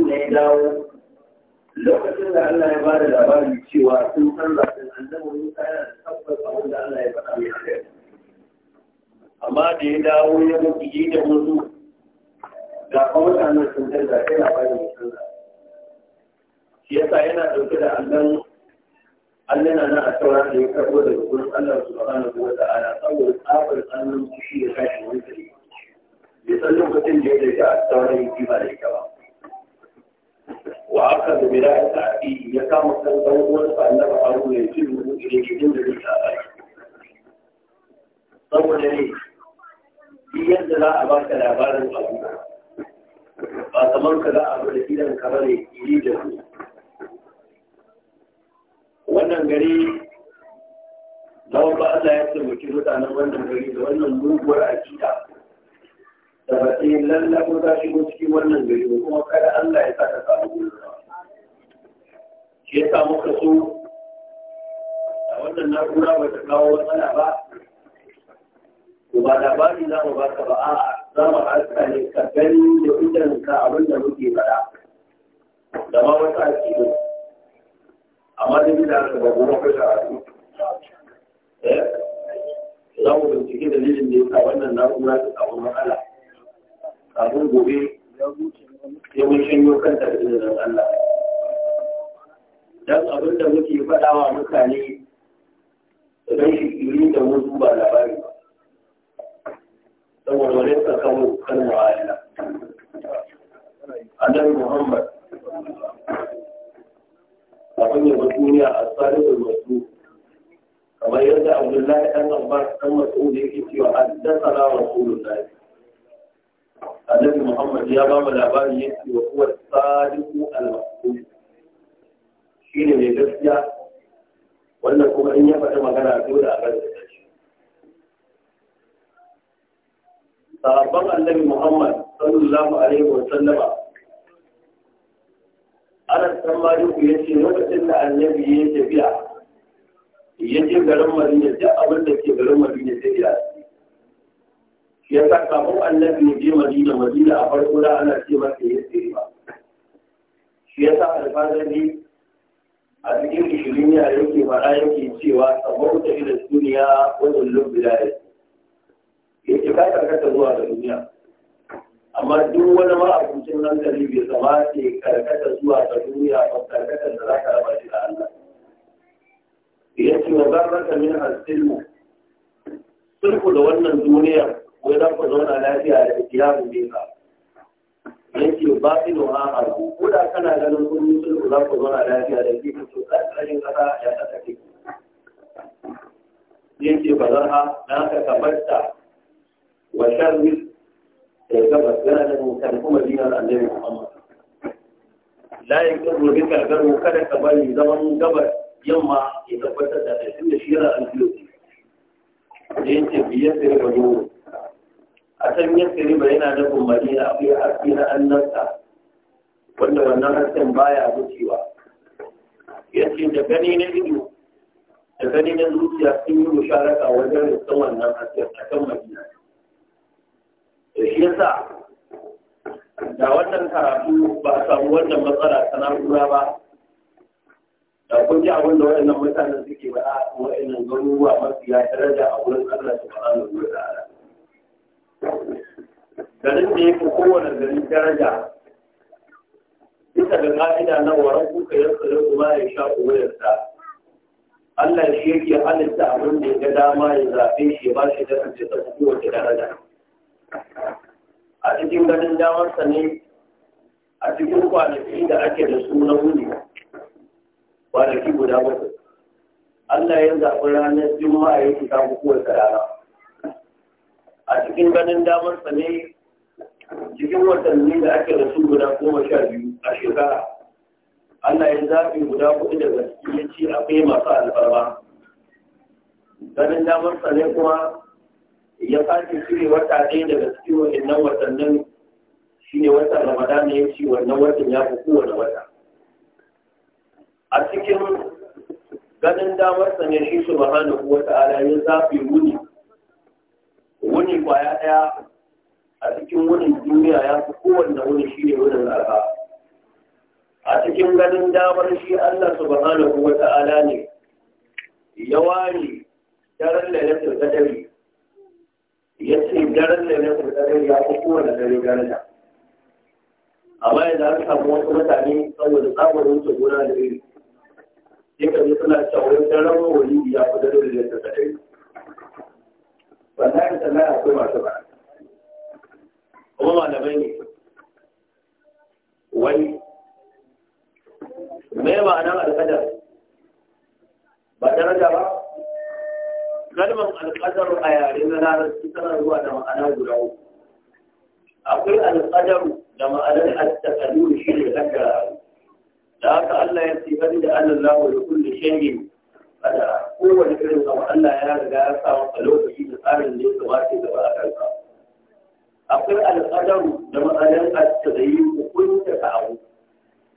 lokacin da ya dawo lokacin da Allah ya ba da labari cewa sun san zafin annabi Musa yana da tabbas abin da Allah ya faɗa mai kai amma da ya dawo ya ga kiji da musu ga kuma mutanen sun san zafin labarin mutum shi yasa yana ɗauke da Allah Allah na nan a sauran da ya karɓo daga gurin Allah subhanahu da ta'ala saboda tsabar tsanin shi ya tashi wani bai san lokacin da ya dace a sauran yi ba da ita ba ya kama وأخذ براءة أبيه يقام التنظر فأنه أرون يجبه da من الإسلام saboda ne shi yadda za a baka labarin abu ba kamar ka za a bada gidan ka bane iri da su wannan gari lawan ba Allah ya taimaki mutanen wannan gari da wannan muguwar akida da ba sai lallabo za shigo cikin wannan gari kuma kada Allah ya sa ka samu gudu shi ya samu kaso a wannan na'ura ba ta kawo matsala ba ko ba labari za mu baka ba a'a za mu haska ne ka gani da idanka abin da muke faɗa da ma wata akidu amma da gida ka ba goma ka sha'adu eh? za mu bincike dalilin da ya sa wannan na'ura ta samu matsala kafin gobe ya sai mun shanyo kanta da izinin Allah don abin da muke faɗa wa mutane don shi iri da wasu ba labari ba saboda wani tsakamu kan A nan muhammad a da duniya a tsarin masu kamar yadda abdullahi dan abbas dan da yake cewa haddathana rasulullahi nan muhammad ya ba mu labari yake wa kuwa sadiqu al-mas'ud shi ne mai gaskiya wannan kuma in ya faɗi magana dole a kan sahabban annabi muhammad sallallahu alaihi wa sallama ana san maliku ya ce lokacin da annabi ya tafiya ya garin madina duk abin da ke garin madina sai ya ya sa kafin annabi ne je madina madina a farko da ana ce masa ya tsiri shi ya sa alfazari a cikin ishirin ya yake faɗa yake cewa sabon ta ila duniya wajen lubbila ya ce yake ka karkata zuwa ga duniya amma duk wani ma'abucin hankali bai zama ke karkata zuwa ga duniya ba karkata da za ka raba shi da Allah ya ce wa zarraka min hasilmu sulhu da wannan duniyar wai za ku zauna lafiya da iyamu ne ka yake ba ido a harbu ko da kana ganin kun yi sulhu za ku zauna lafiya da gefe to za ka rage kasa ya kasa ke yake ba za a na ka kabarta wa sharri da ya gabas yana da mutan kuma dinar annabi muhammad la yakun bi kalgaru kada ka bari zaman gabas yamma ya tabbatar da shi da shi yana alfiyo yake biyar da ya gaba a can yadda ba yana nufin madina akwai haske na annarsa, wanda wannan hasken baya wucewa ya ce da gani na ido da gani na zuciya sun yi musharaka wajen rikon wannan hasken a kan madina da shi yasa da wannan karatu ba a samu wannan matsala ta na'ura ba da kun ji abin da waɗannan mutanen suke ba a waɗannan garuruwa masu ya daraja a wurin Allah subhanahu wa ta'ala garin da ya fi kowane gari daraja bisa ga ka'ida na waran kuka ya tsare kuma ya sha uwayarsa Allah shi yake halitta abin da ya ga dama ya zaɓe shi ya ba shi da kace ta kowace daraja a cikin ganin damarsa ne a cikin kwanaki da ake da su na wuni kwanaki guda bakwai Allah ya zaɓi ranar juma'a ya fita kowace rana a cikin ganin damar sa ne cikin watanni da ake da su guda goma sha biyu a shekara Allah ya zaɓi guda kuɗi da gaske ya ce akwai masu alfarma ganin damar sa ne kuma ya sake shirya wata ɗaya daga cikin waɗannan watannin shine wata Ramadan ne ya ce wannan watan ya fi kowane wata a cikin ganin damar sa ne shi subhanahu wata'ala ya zaɓi wuni wuni kwaya ɗaya a cikin wunin duniya ya fi kowanne wuni shi ne wunin zarfa a cikin ganin damar shi Allah subhanahu kuma ta'ala ne ya wani daren lailatul dare ya ce daren lailatul dare ya fi kowanne dare da amma ya an samu wasu mutane saboda tsabarin su da iri sai ka suna cewa daren wani ya fi daren lailatul dare wallahi sannan akwai masu ba kuma malamai ne wani me ma'anar alƙadar ba daraja ba kalmar alƙadar a yare na larabci tana zuwa da ma'ana guda uku akwai alƙadar da ma'anar al-taqaddum shi ne kaddara da haka Allah ya ce bani da Allah ya kulli shay'in ka da kowane irin abu Allah ya riga ya sa maka lokaci da tsarin da ya kamata da ba a kanka akwai al'adaru da matsayin al-tadayi hukunta ta abu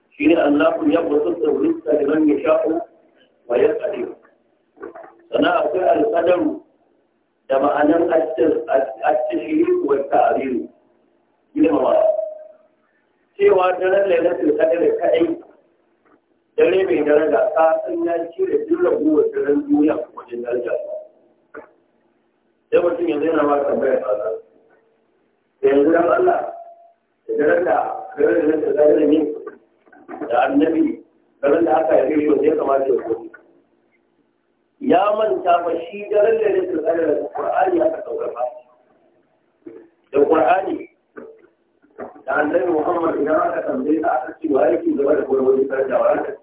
shi ne Allah ya basu da wurin da man ya sha'u wa ya tsare sana akwai al'adaru da ma'anan al-tashiri wa ta'ariru girmama cewa daren lailatul qadr kadai dare mai daraja ta san ya cire duk raguwar daren duniya wajen daraja sai mutum yanzu yana ma tambayar tsada da yanzu dan Allah da daren da daren da ta zai ne da annabi daren da aka yi shi ya kamata ya koyi ya manta ba shi daren da ne ta tsare da Qur'ani aka saurara da Qur'ani da annabi Muhammad idan aka tambaye ta aka ce wa yake gaba da gurgurin sarjawa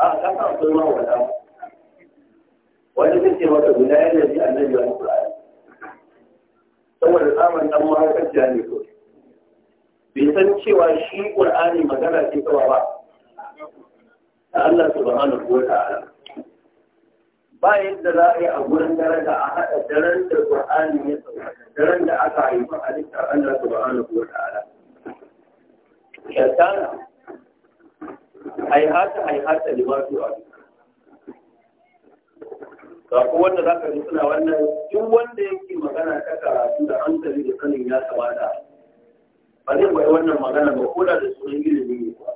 a kasa akwai ma wata wani zai ce maka guda yana ji annabi wani kur'ani saboda samun dan mahaifarciya ne ko bai san cewa shi qur'ani magana ce kawai ba da Allah subhanahu ko ta'ala ba yadda za a yi a gurin daren a haɗa daren da Qur'ani ya sauka daren da aka haifa a littar Allah subhanahu ko ta'ala shaitana haihata haihata lima tu'a ga ko wanda zaka ji suna wannan duk wanda yake magana ta karatu da hankali da sanin ya kamata ba zai bai wannan magana ba ko da da sunan gina ne ba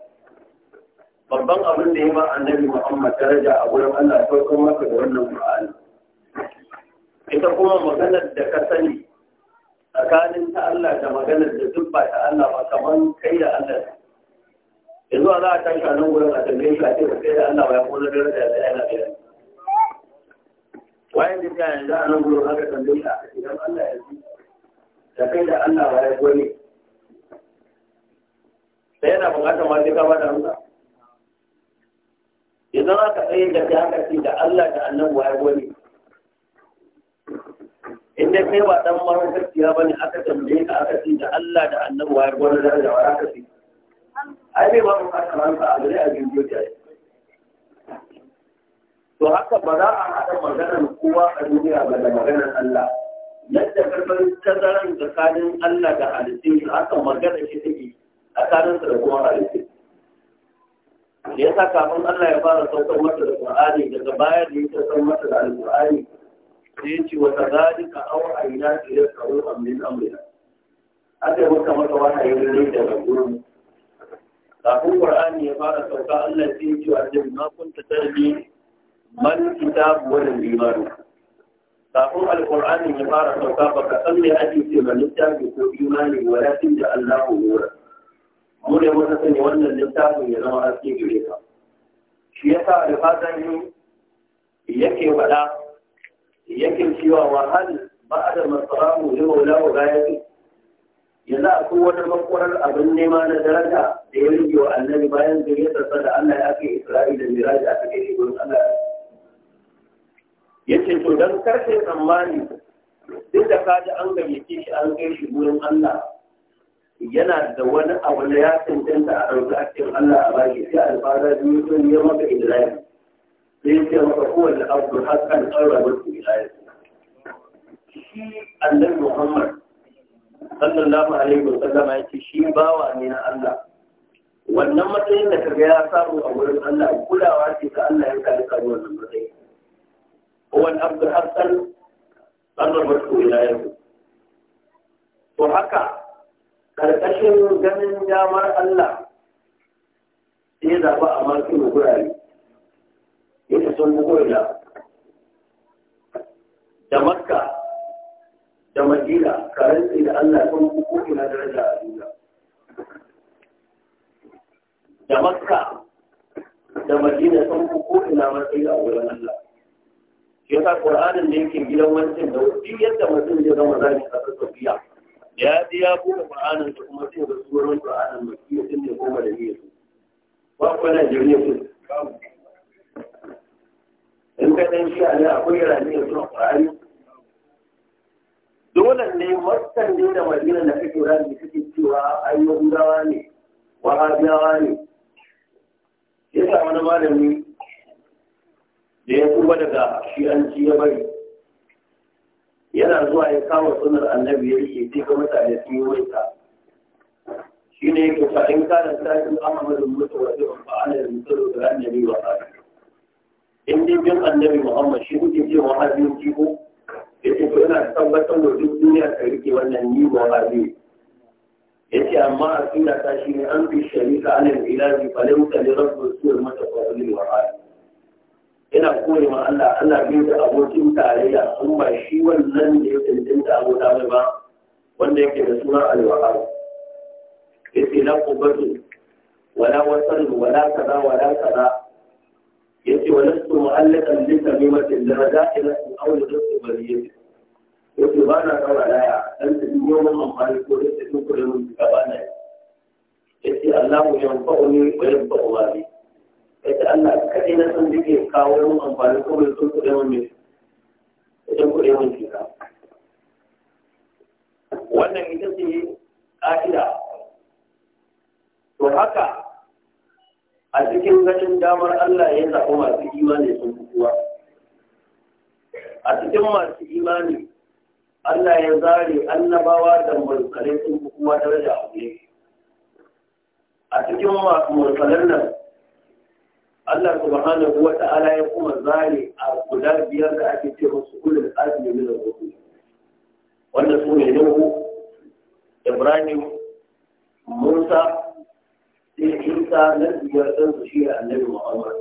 babban abin da ya ba annabi Muhammad daraja a gurin Allah farkon maka da wannan Qur'ani ita kuma maganar da ka sani tsakanin ta Allah da maganar da duk ba ta Allah ba kamar kai da Allah yanzu a za a tashi a nan wurin a tambaye shi a ce ba sai da Allah ba ya kuma zarar da ya tsaye na biyar wayan da ta yanzu a nan wurin aka tambaye shi a idan Allah ya ji da kai da Allah ba ya gone sai yana bukatar ma sai ka ba da amsa idan aka tsaye da kai haka ce da Allah da annabi ya gone in dai kai ba dan mahaifiyar ba ne aka tambaye ka aka ce da Allah da annabi ya gone da rajawa aka ce ai bai ba mu kasa ranka a gare a biyu da to haka ba za a haɗa maganar kowa a duniya ba da maganar Allah yadda karɓar tazarar tsakanin Allah da halittun shi haka maganar shi take tsakanin da kuma halittun da ya sa kafin Allah ya fara saukar masa da Qur'ani daga baya da ya saukar masa da Al-Qur'ani sai ya ce hau a ina ayna ila qawmin amrin amina. aka yi maka masa wahayi ne daga gurin kafin qur'ani ya fara sauka Allah sai ya ce wa annabi ma kunta tarbi man kitab wal iman kafin alqur'ani ya fara sauka baka san me ake ce man littafi ko imani walakin da Allah nura mu ne muka sani wannan littafin ya zama haske gare ka shi yasa alfazan yake faɗa yake cewa wa hal ba'da masrahu li mawlahu ghayati yanzu akwai wata makwarar abin nema na daraja da ya rige wa annabi bayan tsarsa da Allah ya ake Isra'ila da Miraji aka kai gurin Allah ya ce to dan karfe tsammani duk da kaji an gayyace shi an kai shi gurin Allah yana da wani abu da ya cancanta a ɗauki Allah a baki sai alfada biyu sun yi maka Isra'ila sai ce maka kowane abu hakan ƙarfa mutu Isra'ila shi annabi Muhammad sallallahu alaihi wasallama ya ce shi bawa ne na Allah wannan matsayin da kaga ya samu a wurin Allah kulawa ce ta Allah ya kare ka wannan matsayi wal abdul hasan qarrabatu ya yau to haka karkashin ganin damar Allah sai zaba a makin gurare yadda sun gurare da makka da madina karanta da Allah kan kuku ina daraja a duniya da makka da madina kan kuku ina matsayi a wurin Allah shi yasa qur'anin da yake gidan wancan da duk yadda mutum zai zama zaki a tafiya ya ji ya buɗe qur'anin da kuma sai ga suran qur'anin makki din ne ko madaniya su ba ko Najeriya ku in ka dan shi ne akwai niyyar suna qur'ani dole ne wancan ne da madina da kake da kake cewa ayyukan gudawa ne wahabiyawa ne yasa wani malami da ya kuma daga shi'anci ya bari yana zuwa ya kawo sunar annabi ya ce sai ga mutane su yi ta shi ne yake fa in kana sa'in ahmadin mutu wa sai ba ana da mutu da annabi wa in dai bin annabi muhammad shi kuke cewa hajjin ko yake to yana tabbatar da duk duniya ka rike wannan ni ba ba ne ce, amma a tsira ta shi ne an fi shari'a alal ilahi falam ta li rabbil sur mata kwallon wa hal ina koyi ma Allah Allah bai da abokin tarayya sun ba shi wannan da ya tantance abota mai ba wanda yake da suna al-wahab yace la qubatu wala wasal wala kaza wala kaza ولست معلقا بتميمة لرجائل أو لنصف برية yake ba na kawai laya dan ta duk wani amfani ko da ta duk da mun ka ba na yace Allahu yanfa'uni wa yanfa'u wali yace Allah kai na san dake kawo mun amfani ko da duk da mun ne idan ko yawan kira wannan ita ce ka'ida to haka a cikin ganin damar Allah ya zaɓi masu imani sun fi kuwa. a cikin masu imani Allah ya zare annabawa da mursalai sun fi kuwa daraja a wuri a cikin masu mursalan nan Allah subhanahu wa ta'ala ya kuma zare a guda biyar da ake ce musu ulul azmi min ar Wannan wanda su ne Nuhu Ibrahim Musa sai isa na biyar ɗan su shi annabi muhammad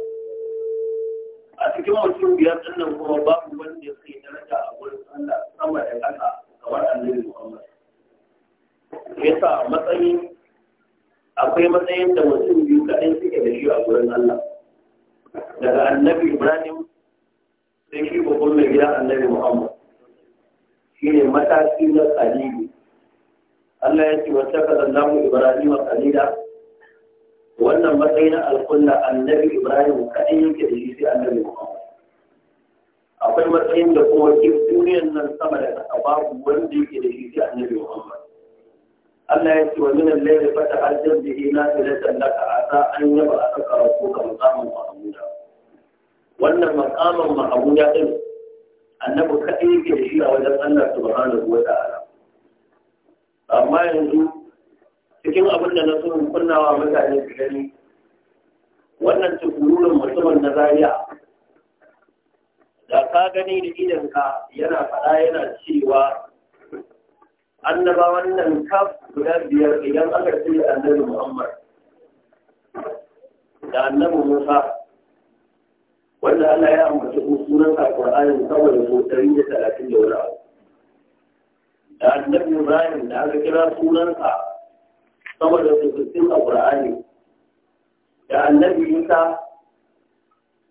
a cikin mutum biyar ɗin nan kuma babu wanda ya kai daraja a wurin allah sama da ƙasa kamar annabi muhammad yasa matsayi akwai matsayin da mutum biyu kaɗai suke da shi a wurin allah daga annabi ibrahim sai shi babban mai gida annabi muhammad shi ne mataki na kalibi Allah ya ce wata kazan namu Ibrahim a kalila wannan matsayi na alƙulla annabi ibrahim kaɗai yake da shi sai annabi muhammad akwai matsayin da kuma duk duniyan nan sama da ƙasa babu wanda yake da shi sai annabi muhammad Allah ya ce wa min al-layli fa ta'azzab bihi nafilatan a asa an yaba aka karatu ka maqaman mahmuda wannan maqaman mahmuda din annabi kaɗai yake da shi a wajen Allah subhanahu wa ta'ala amma yanzu cikin abin da na sun kunnawa mutane su gani wannan tukururin mutumin na zariya da ka gani da idanka yana faɗa yana cewa annaba wannan kaf guda biyar idan aka ce annabi muhammad da annabi musa wanda allah ya ambaci sunan a ƙwararren kawai ko da talatin da wani abu da annabi ibrahim da aka kira sunansa saboda rubutun a Al-Qur'ani da annabi Musa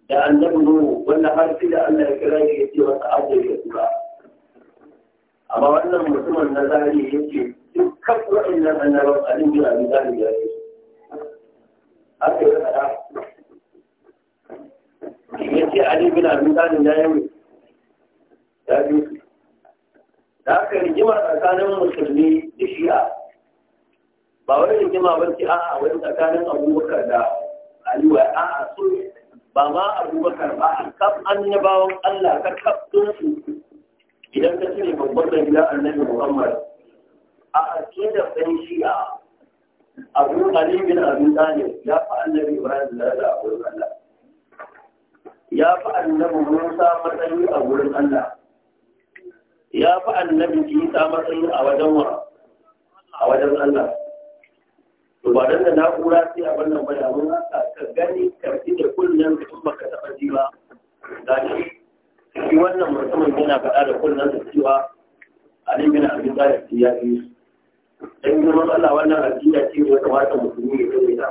da annabi Nuhu wanda har sai da Allah ya kira shi ya ce masa abu ya tura amma wannan mutumin na zari ya ce dukkan waɗannan annaban alin bin abin zari ya ce haka ya faɗa ya ce Ali bin Abi Talib ya yi ya ce da aka rigima tsakanin musulmi da shi'a ba wani da rigima ba ce a'a wani tsakanin abubakar da aliyu a'a so ba ma abubakar ba a kaf annabawan Allah ka kaf su idan ka cire babban da gida annabi Muhammad a da aqida ɗan shi'a abu Ali bin Abi Talib ya fi annabi Ibrahim da da abu Allah ya fi annabi Musa matsayi a gurin Allah ya fi annabi Isa matsayi a wajen wa a wajen Allah to da na da na'ura sai a wannan bayan da mun haka ka gani ka da kullun da kuma ka taba jiwa ba gashi shi wannan mutumin yana faɗa da kullun da cewa Ali abin da Talib ya yi dan kuma Allah wannan addini ce wata wata musulmi ya yi da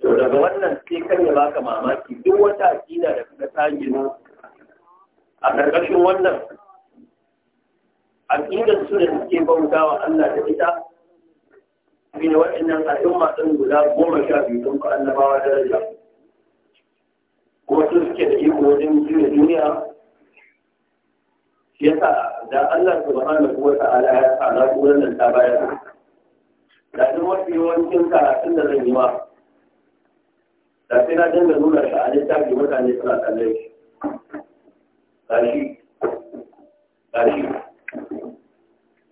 to daga wannan sai kan ya baka mamaki duk wata addini da kuka ta gina a ƙarƙashin wannan aƙidar su da suke bautawa Allah da ita shi ne waɗannan al'umma ɗin guda goma sha biyu sun fi annabawa daraja kuma sun suke da iko wajen jiya duniya yasa da Allah subhanahu wa ta'ala ya sa na kuran nan ta bayar da duk mafi yawancin karatun da zan yi ma da sai na dinga nuna shi a littafi mutane suna kallon shi gashi gashi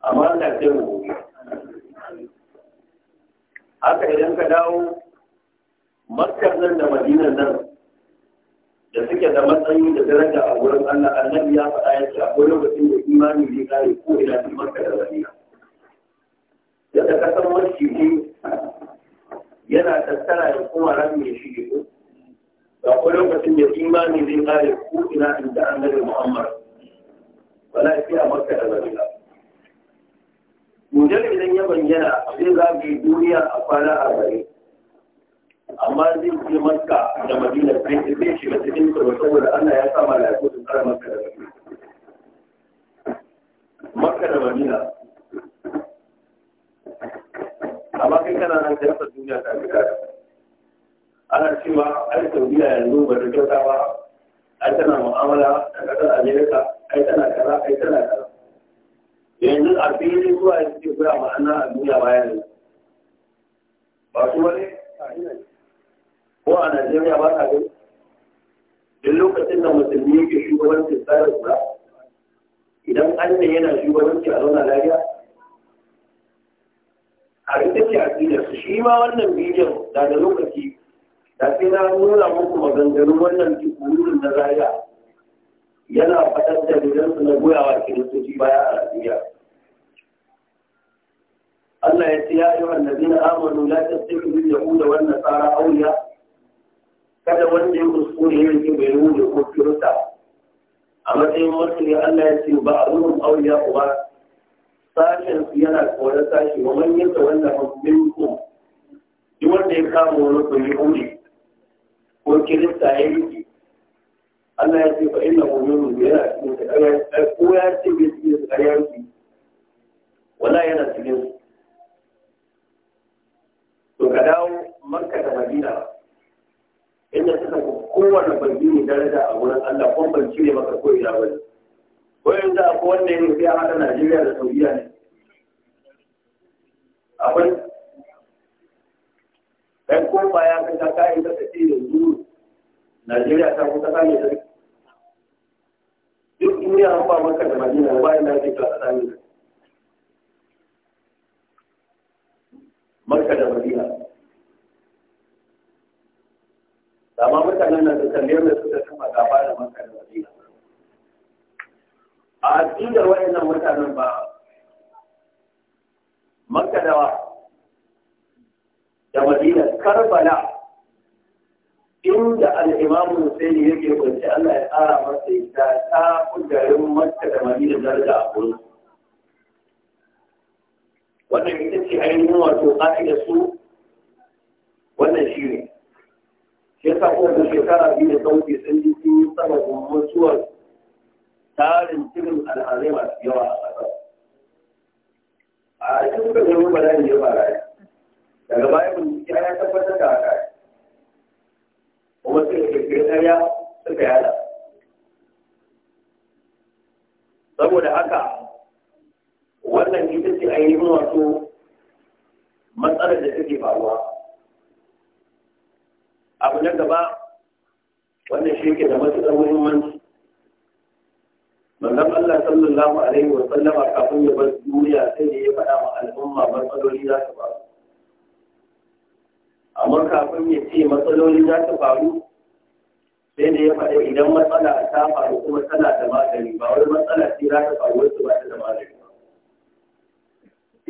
amma da sai mu gobe haka idan ka dawo makar nan da madinan nan da suke da matsayi da daraja a wurin Allah annabi ya faɗa ya ce akwai lokacin da imani zai kare ko ina cikin makar da madina yadda ka san maciji yana tattara ya kuma ran mai shige ko da akwai lokacin da imani zai kare ko ina inda annabi Muhammad wala sai a makar da madina Dujal idan ya bayyana zai zagaye duniya a kwana a arba'in. Amma zai je Maska da Madina sai zai shiga cikin kuma saboda Allah ya sa malaiku su tsara maska da Madina. Maska da Madina. Amma kai kana nan da duniya ta fi Ana cewa ai Saudiya yanzu ba ta kyauta ba, ai tana mu'amala da ƙasar Amerika, ai tana kaza, ai tana kaza. arba'in zuwa ya suke koya ma'ana a duniya bayan ba su wani ko a najeriya ba ta gani duk lokacin da musulmi yake shugabanci tsarin kula idan an ne yana shugabanci a zauna lafiya a ita ce aƙidar su shi ma wannan bidiyon da da lokaci da sai na nuna muku maganganun wannan tukunin na zariya yana faɗar da gidansu na goyawa kiristoci baya a Najeriya. Allah ya ce ya ayyuha allazina amanu la tattakhidhu al da wannan tsara awliya kada wanda ya kuskure ya yi bai rubuta ko kirista a matsayin musulmi Allah ya ce ba a abun awliya kuma. sashen su yana kore sashi wa man yanta wannan hukumin ku duk wanda ya kama wani ku yi uri ko kirista ya yi Allah ya ce fa inna mu'minu yana cikin ƙarya ko ya ce bai cikin yi. wala yana cikin su to ka dawo makka da madina inda suka fi kowane bangini daraja a wurin allah kuma ban cire maka ko ina ba ko yanzu akwai wanda ya rufe a hada najeriya da saudiya ne akwai ɗan kofa ya kai ta kayan ta tafi yanzu najeriya ta kuka kame ta duk duniya an ba maka da madina ba ina ce ta tsami makka da madina da ma mutanen da suka lera suka kama gaba da maka da madina a aƙidar wayannan mutanen ba maka da da madina karbala inda al'imamu Hussein yake kwanci Allah ya tsara masa ita ta garin Makka da Madina daraja a gurin. Wannan ita ce ainihin wato ƙa'ida su wannan shi ne. ya sa kuma da shekara biyu da sauke sun ji sun yi sababin mutuwar tarin cikin al'adai masu yawa a ƙasa a cikin da zai ba ne ya fara daga baya bincike ya tabbatar da haka kuma suka kirkiri ƙarya suka yada saboda haka wannan ita ce ainihin wato matsalar da take faruwa abu na gaba wannan shi ke da matuƙar muhimmanci manzon Allah sallallahu alaihi wa sallama kafin ya bar duniya sai da ya faɗa ma al'umma matsaloli za su faru amma kafin ya ce matsaloli za su faru sai da ya faɗa idan matsala ta faru kuma tana da magani ba wani matsala ce za ta faru wasu ba ta da magani ba.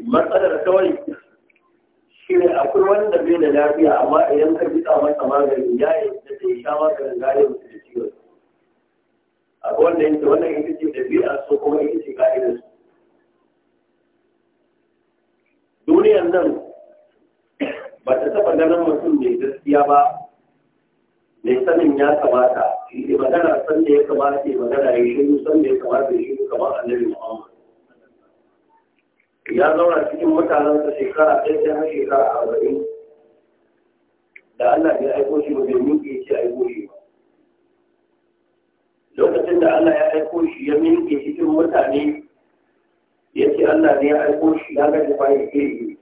matsalar kawai shi akwai wanda bai da lafiya amma idan ka bi masa magani ya yi da yi sha maganin gane mutu da ciwon akwai wanda yake wannan ita ce da bi'a so kuma ita ce ka'idar su duniyan nan ba ta taɓa ganin mutum mai gaskiya ba mai sanin ya kamata shi magana san da ya kamata ya magana ya shi san da ya kamata ya shiru kamar annabi Muhammad ya zauna cikin mutanen mutanensa shekara ɗaya ta har shekara arba'in da Allah ya aiko shi ba bai miƙe shi aiko shi ba lokacin da Allah ya aiko shi ya shi cikin mutane ya ce Allah ne ya aiko shi ya gaji bayan iri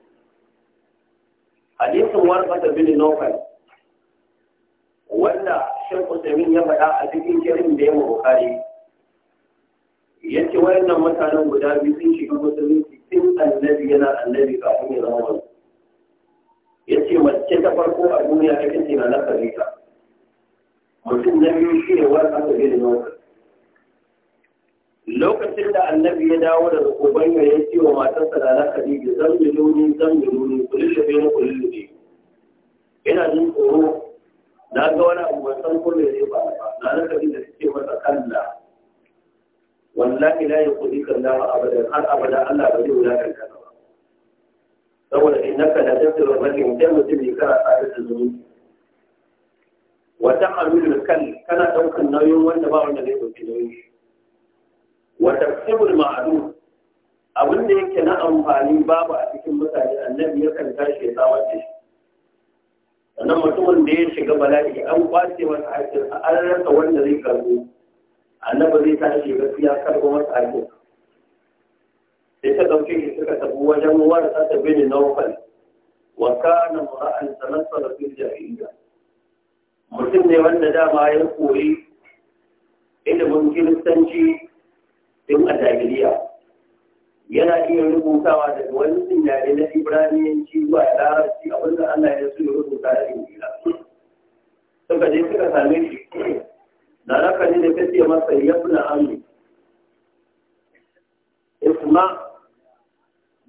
hadisin warfata bin nofal wanda shan min ya faɗa a cikin kirin da ya mabukari yace wayannan mutanen guda biyu sun shiga musulunci tun annabi yana annabi kafin ya zama wani ce mace ta farko a duniya ta kace na Khadija mutum na biyu shi ne wani aka da na lokacin da annabi ya dawo daga ubayya ya ce wa matarsa da na Khadija zan yi luni zan yi luni kullu bi na kullu bi ina jin tsoro na ga wani abu ban san kullu ya ba na na da ce masa kalla wallahi la yuqdika Allah abada har abada Allah ba zai wulakanta ka saboda innaka la tasiru rabbin dan mutum ya kara tsare da zumunci wa ta'amilu kal kana daukan nauyin wanda ba wanda zai dauki nauyi. shi wa taqsibul ma'dud abin da yake na amfani babu a cikin mutane annabi ya kan tashi ya samar da shi sannan mutumin da ya shiga bala'i an kwace masa hakkin an rasa wanda zai karbo annabi zai sa shi gaskiya kar kuma tsage sai ta dauke shi suka tafi wajen warasa ta bin nawfal wa kana mura'an salassala fil jahiliya mutum ne wanda dama ya koyi ilimin kiristanci din a jahiliya yana iya rubutawa daga wani sinyare na ibraniyanci zuwa larabci abinda allah ya so ya rubuta da ingila suka je suka same shi da raka ne da kace masa yabna amri isma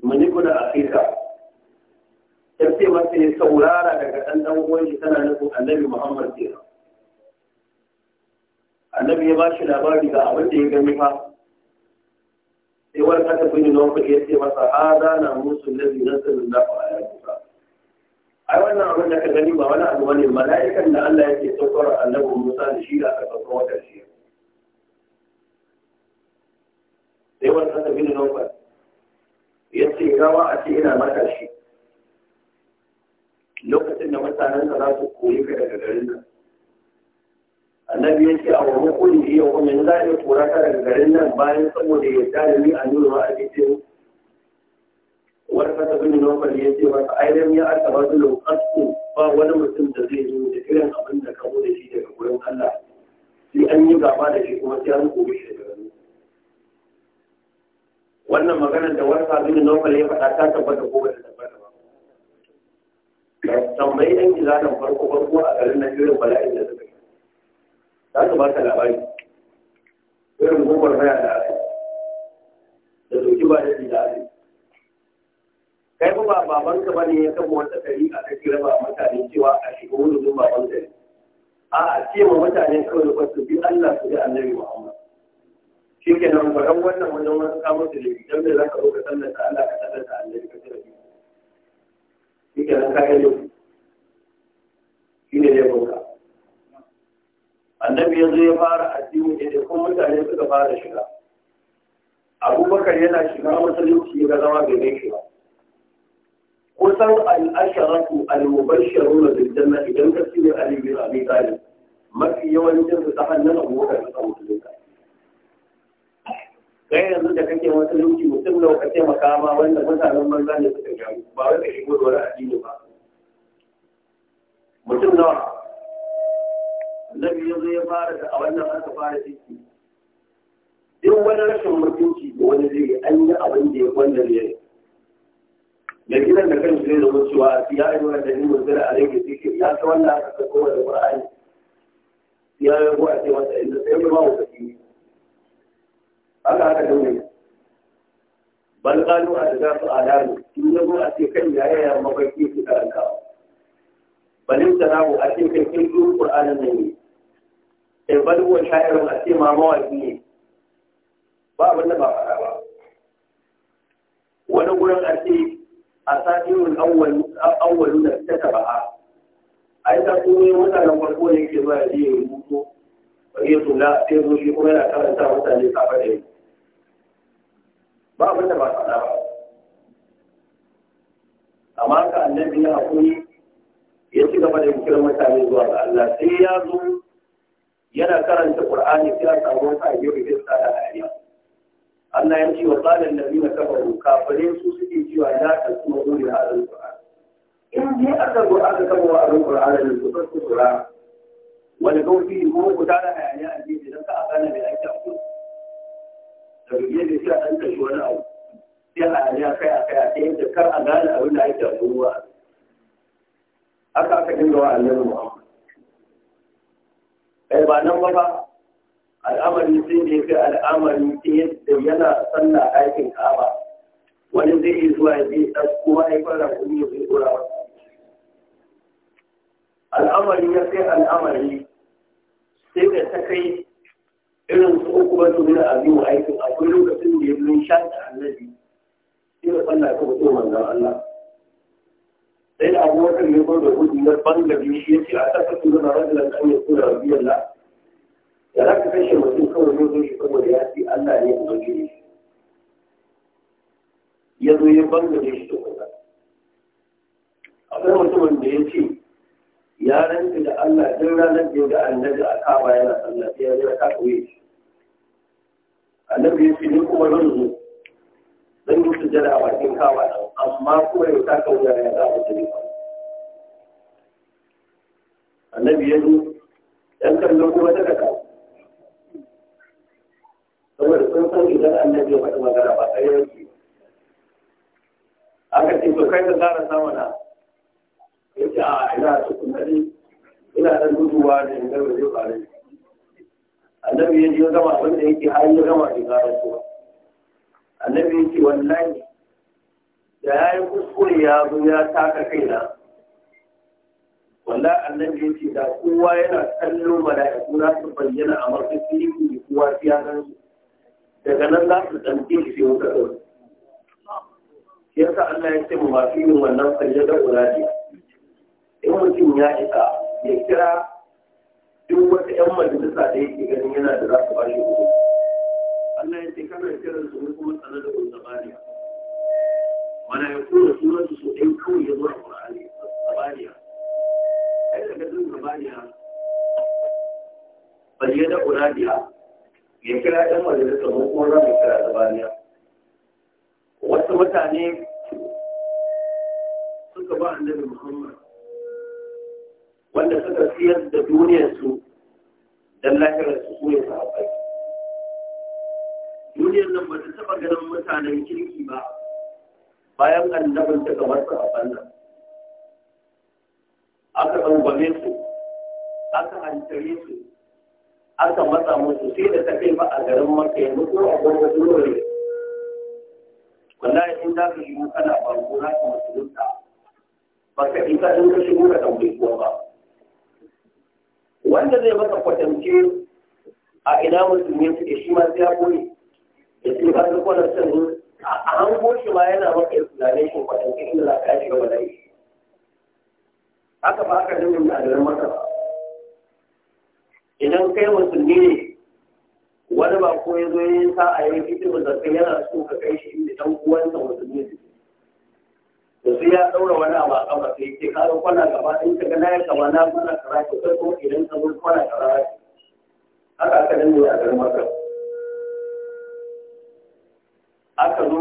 muni kuna afirka kace masa ya saurara daga dan dan uwan shi tana nufin annabi Muhammad kenan annabi ya bashi labari ga abin da ya gani fa sai wani kasa bin nufi ya ce masa hada na musu lazi nasallallahu alaihi ai wannan abin da ka gani ba wani abu bane mala'ikan da Allah yake saukar annabi Musa da shi da aka saukar wata shi sai wannan da bin nufa yace rawa a ce ina maka shi lokacin da mutanen ka za su koyi ka daga garin nan annabi ya ce a wani kuli da yau kuma za a iya kora ta daga garin nan bayan saboda ya tare ni a nuna a cikin talfata bin nufar ya ce masa ainihin ya aka ba su kasko ba wani mutum da zai zo da irin abin da kamo da shi daga wurin Allah sai an yi gaba da shi kuma sai an gobe shi daga gani wannan maganar da wasa bin nufar ya faɗa ta tabbata ko ba ta tabbata ba tambayi ɗan izanin farko farko a garin na irin bala'in da suka yi za su ba ta labari irin gobar maya da aka da doki ba da da aka kai ba babanka ba ne ya kama wata kari a kake raba mutane cewa a shiga wani zuwa babanka ne a a ce ma mutane kawai da kwasu bi Allah su ji annabi Muhammad shi ke nan faɗan wannan wajen wani kamo da laifi don da za ka zo ka sallata Allah ka sallata annabi ka tsira shi ke nan kayan yau shi ne laifinka annabi yanzu ya fara addini ne da kuma mutane suka fara shiga abubakar yana shiga musulunci ya ga zama bai gaishe ba وسوء الأشرة المبشرون بالجنة جنة سيد علي بن أبي طالب ما في يوم الجنة تحنن أبوك في صوت الجنة غير أن ذلك كنت يوم في مسلم لو كنت مكاما وإن أبوك على المنزل يتكجعون بارك الحبود ولا أدين بارك مسلم نوع النبي يضي فارس أو أن فارس فارس يتكي إن ولا رشم مرتين شيء وانا ذي أن أبنجي وانا da gidan da kan zai zama cewa ya yi wani da yin zira a rage zikir ya ta wanda aka ta kowa da ƙwar'ani ya yi kuwa ce masa inda sai ya ba wa tafi haka haka da mai bal kalu a da su a dami in zama a ce kan yaya ya mafarki su karanta balin sanahu a ce kai kin zuwa ƙwar'anin nan ne kai eh, bal kuwa sha'irin a ce ma mawaki ne ba abin da ba faɗa ba wani gurin a ce asatirul awwal awwalu da ta tabaha ai ta kuma mutanen farko ne ke zuwa ji ya rubuto ba iya tula sai zo kuma yana karanta mutane kafa da ba abin da ba faɗa ba amma ka annabi a hakuri ya ci gaba da kiran mutane zuwa ga Allah sai ya zo yana karanta Qur'ani sai ya a wata gefe da tsada a Allah ya ce wa tsarin da nuna kafaru kafare su suke cewa ya ta kuma zuri a alin in a aka zo aka kafa wa alin ƙur'anin su kan su tura. wani gauti ko ku tara hayaniya a gefe don ka a gane mai a aku da bige da shi a ɗan tashi wani abu sai hayaniya kai a kai a ta yadda kar a gane abin da ake a ruwa haka aka dinga wa a Muhammad. Kai eh, ba nan ba ba al'amari sai da ya fi al'amari ta yadda yana sallah aikin kaba wani zai yi zuwa ya kuma ya fara kuma ya zai ɗora al'amari ya kai al'amari sai da ta kai irin su uku ba su nuna abin aikin akwai lokacin da ya zo sha da annabi sai da sallah ta mutum manzan Allah sai da abubakar ne ko da hudu na bangare shi ya ce a ƙasa su zana rajulan kan ya kura biyan la'a da za ka kashe mutum kawai zai zo shi saboda ya fi Allah ne kuma shi? ya zo ya bangare shi tukuna akwai mutumin da ya ce ya rantsi da Allah duk ranar da ga annabi a kaba yana sallah sai ya zo ka koyi shi annabi ya ce ni kuma zan zo zan yi sujjada a bakin kaba amma kuma ya taka wuya ya za a mutu annabi ya zo yan kallon kuma ta daga sun san idan annabi ya faɗi magana ba sai yake aka ce to kai ka tsara sama na ce a ina cikin dare ina da guduwa da inda ba zai faru annabi ya je gama abin da yake har ya gama da gara kuwa annabi ya ce wallahi da ya yi kuskure ya zo ya taka kaina wanda annabi ya ce da kowa yana kallo mala'iku na su bayyana a mafi fili kowa ya gan su daga nan za su ɗauki shi wata ɗauki yasa Allah ya ce mu masu yin wannan sajada uradi in mutum ya isa ya kira duk wata ƴan majalisa da yake ganin yana da za su ba shi kuɗi Allah ya ce kana kiran su kuma tsare da ne. mana ya kura sunan su so ɗin kawai ya zuwa Qur'ani zabaniya ai daga duk Bayyana bal yada uradiya ya kira ɗan majalisar hukun rabu kira zabaniya wasu mutane suka ba annabi muhammad wanda suka siyar da duniyarsu don lafiyarsu su ne sahabbai duniyar nan ba ta taɓa ganin mutanen kirki ba bayan annabin ta kamar sahabban nan aka ɗangwame su aka hantare su aka matsa musu sai da ta kai ba a garin maka yanzu ko a gwamnati dole wallahi in za ka shigo kana farko za ka musulunta ba ka isa in ka shigo ka tambayi kuwa ba wanda zai maka kwatance a ina musulmi suke shi ma sai ya koyi ya ce ba su kwanar can a hango shi ma yana maka islamin shi kwatance inda za ka shiga bala'i haka ba ka aka dinga a garin masa ba idan kai musulmi ne wani ba ko ya zo ya sa a yi fitin zakka yana so ka kai shi inda ɗan uwansa musulmi su da su ya ɗaura wani abu a kafa sai ke ka kwana gaba in ka gana ya kama na kwana kara ki kai kuma idan ka zo kwana kara ki haka aka dinga a garin maka aka zo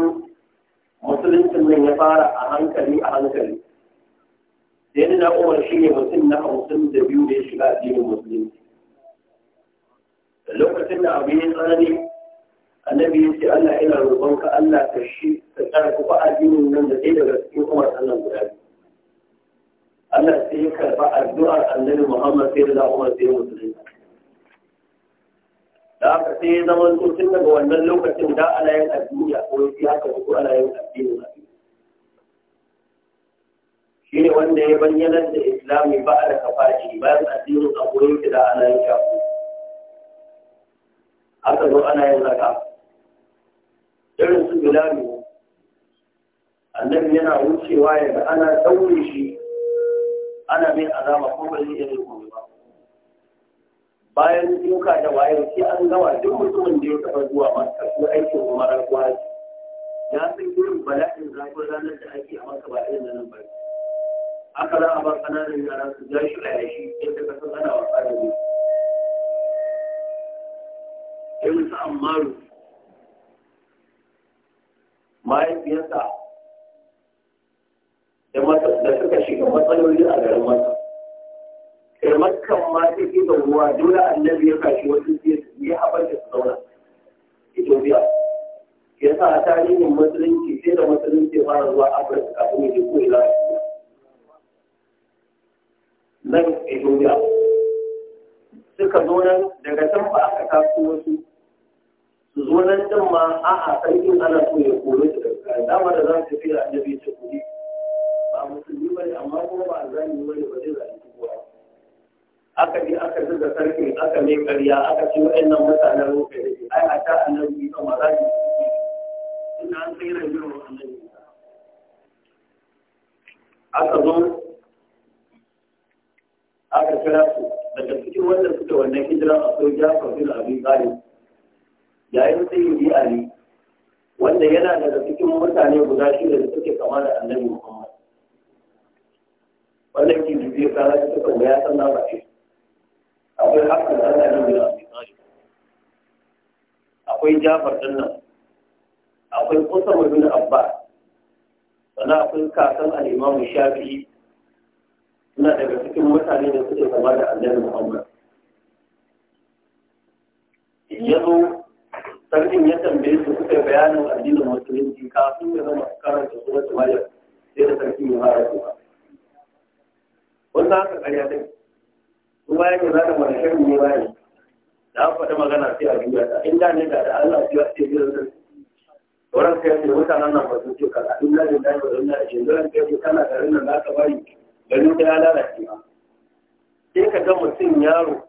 musuluncin nan ya fara a hankali a hankali sai da na umar shi ne mutum na hamsin da biyu da ya shiga addinin musulunci هناك لوقت النبي صلى النبي يسأل الله إلى ربهم كأن لا تشي تترك بعض من من ذيل رسول عمر صلى الله عليه وسلم ألا سيك بعض دعاء النبي محمد صلى الله عليه وسلم لا كثير زمن كنت نقول من لوقت دعاء لا يكذبني ويسيح كبكو لا يكذبني shi ne wanda ya bayyana da islami ba a da kafa shi bayan addinin abuwa yake da ala ya shafi aka zo ana yin zaka irin su bilali annabi yana wucewa ya ga ana daure shi ana bin azama ko ba zai iya yin komai ba bayan duka da waye sai an gawa duk mutumin da ya taɓa zuwa maka ko aikin umarar kwaji ya san irin bala'in zafin ranar da ake a maka ba irin nan ba haka za a bar ƙananan yara su ja shi a yashi yadda ka san ana wasa da zuwa irin su ammaru mahaifiyarsa da da suka shiga matsaloli a garin masa kai makkan ma ta ke da ruwa dole annabi ya kashi wasu zai ya haɓar da su zauna ethiopia ya sa a tarihin musulunci sai da musulunci fara zuwa afirka kafin ya je ko ila nan ethiopia suka zo nan daga can ba aka taso wasu su zo nan din ma a a sarkin ana so ya kore su da kare dama da za su fi da annabi ta kudi ba musulmi bane amma kuma ba zan yi bane ba zai zani kowa aka je aka zuga sarkin aka mai karya aka ci wa'annan mutanen rufe da ke ai a ta annabi ba ma za ki su ina an tsira jiran annabi aka zo aka kira su daga cikin wanda suke wannan hijira a akwai jafar bin abin zalim yayin yi ali wanda yana daga cikin mutane guda shida da suke kama da annabi muhammad wanda ke jibi kana da suka ya san nama ce. akwai hakan Allah ne da Abi akwai Jafar din nan akwai kusa mabin abba sana akwai kakan al'imamu shafi Shafi'i suna daga cikin mutane da suke kama da annabi Muhammad yazo sarkin ya tambaye su suka bayanin addinin musulunci kafin ya zama su suratul maryam sai da sarkin ya fara su wannan haka ƙarya dai kuma ya ke zata mara shirin ne ba ne da an faɗi magana sai a duniya ta in da ne da da Allah ya ce biyar da wurin kai ce mutanen nan ba su ce kaza in da ne da ba da ce wurin kai ce kana garin nan za ka bari garin ta ya lalace ba sai ka ga mutum yaro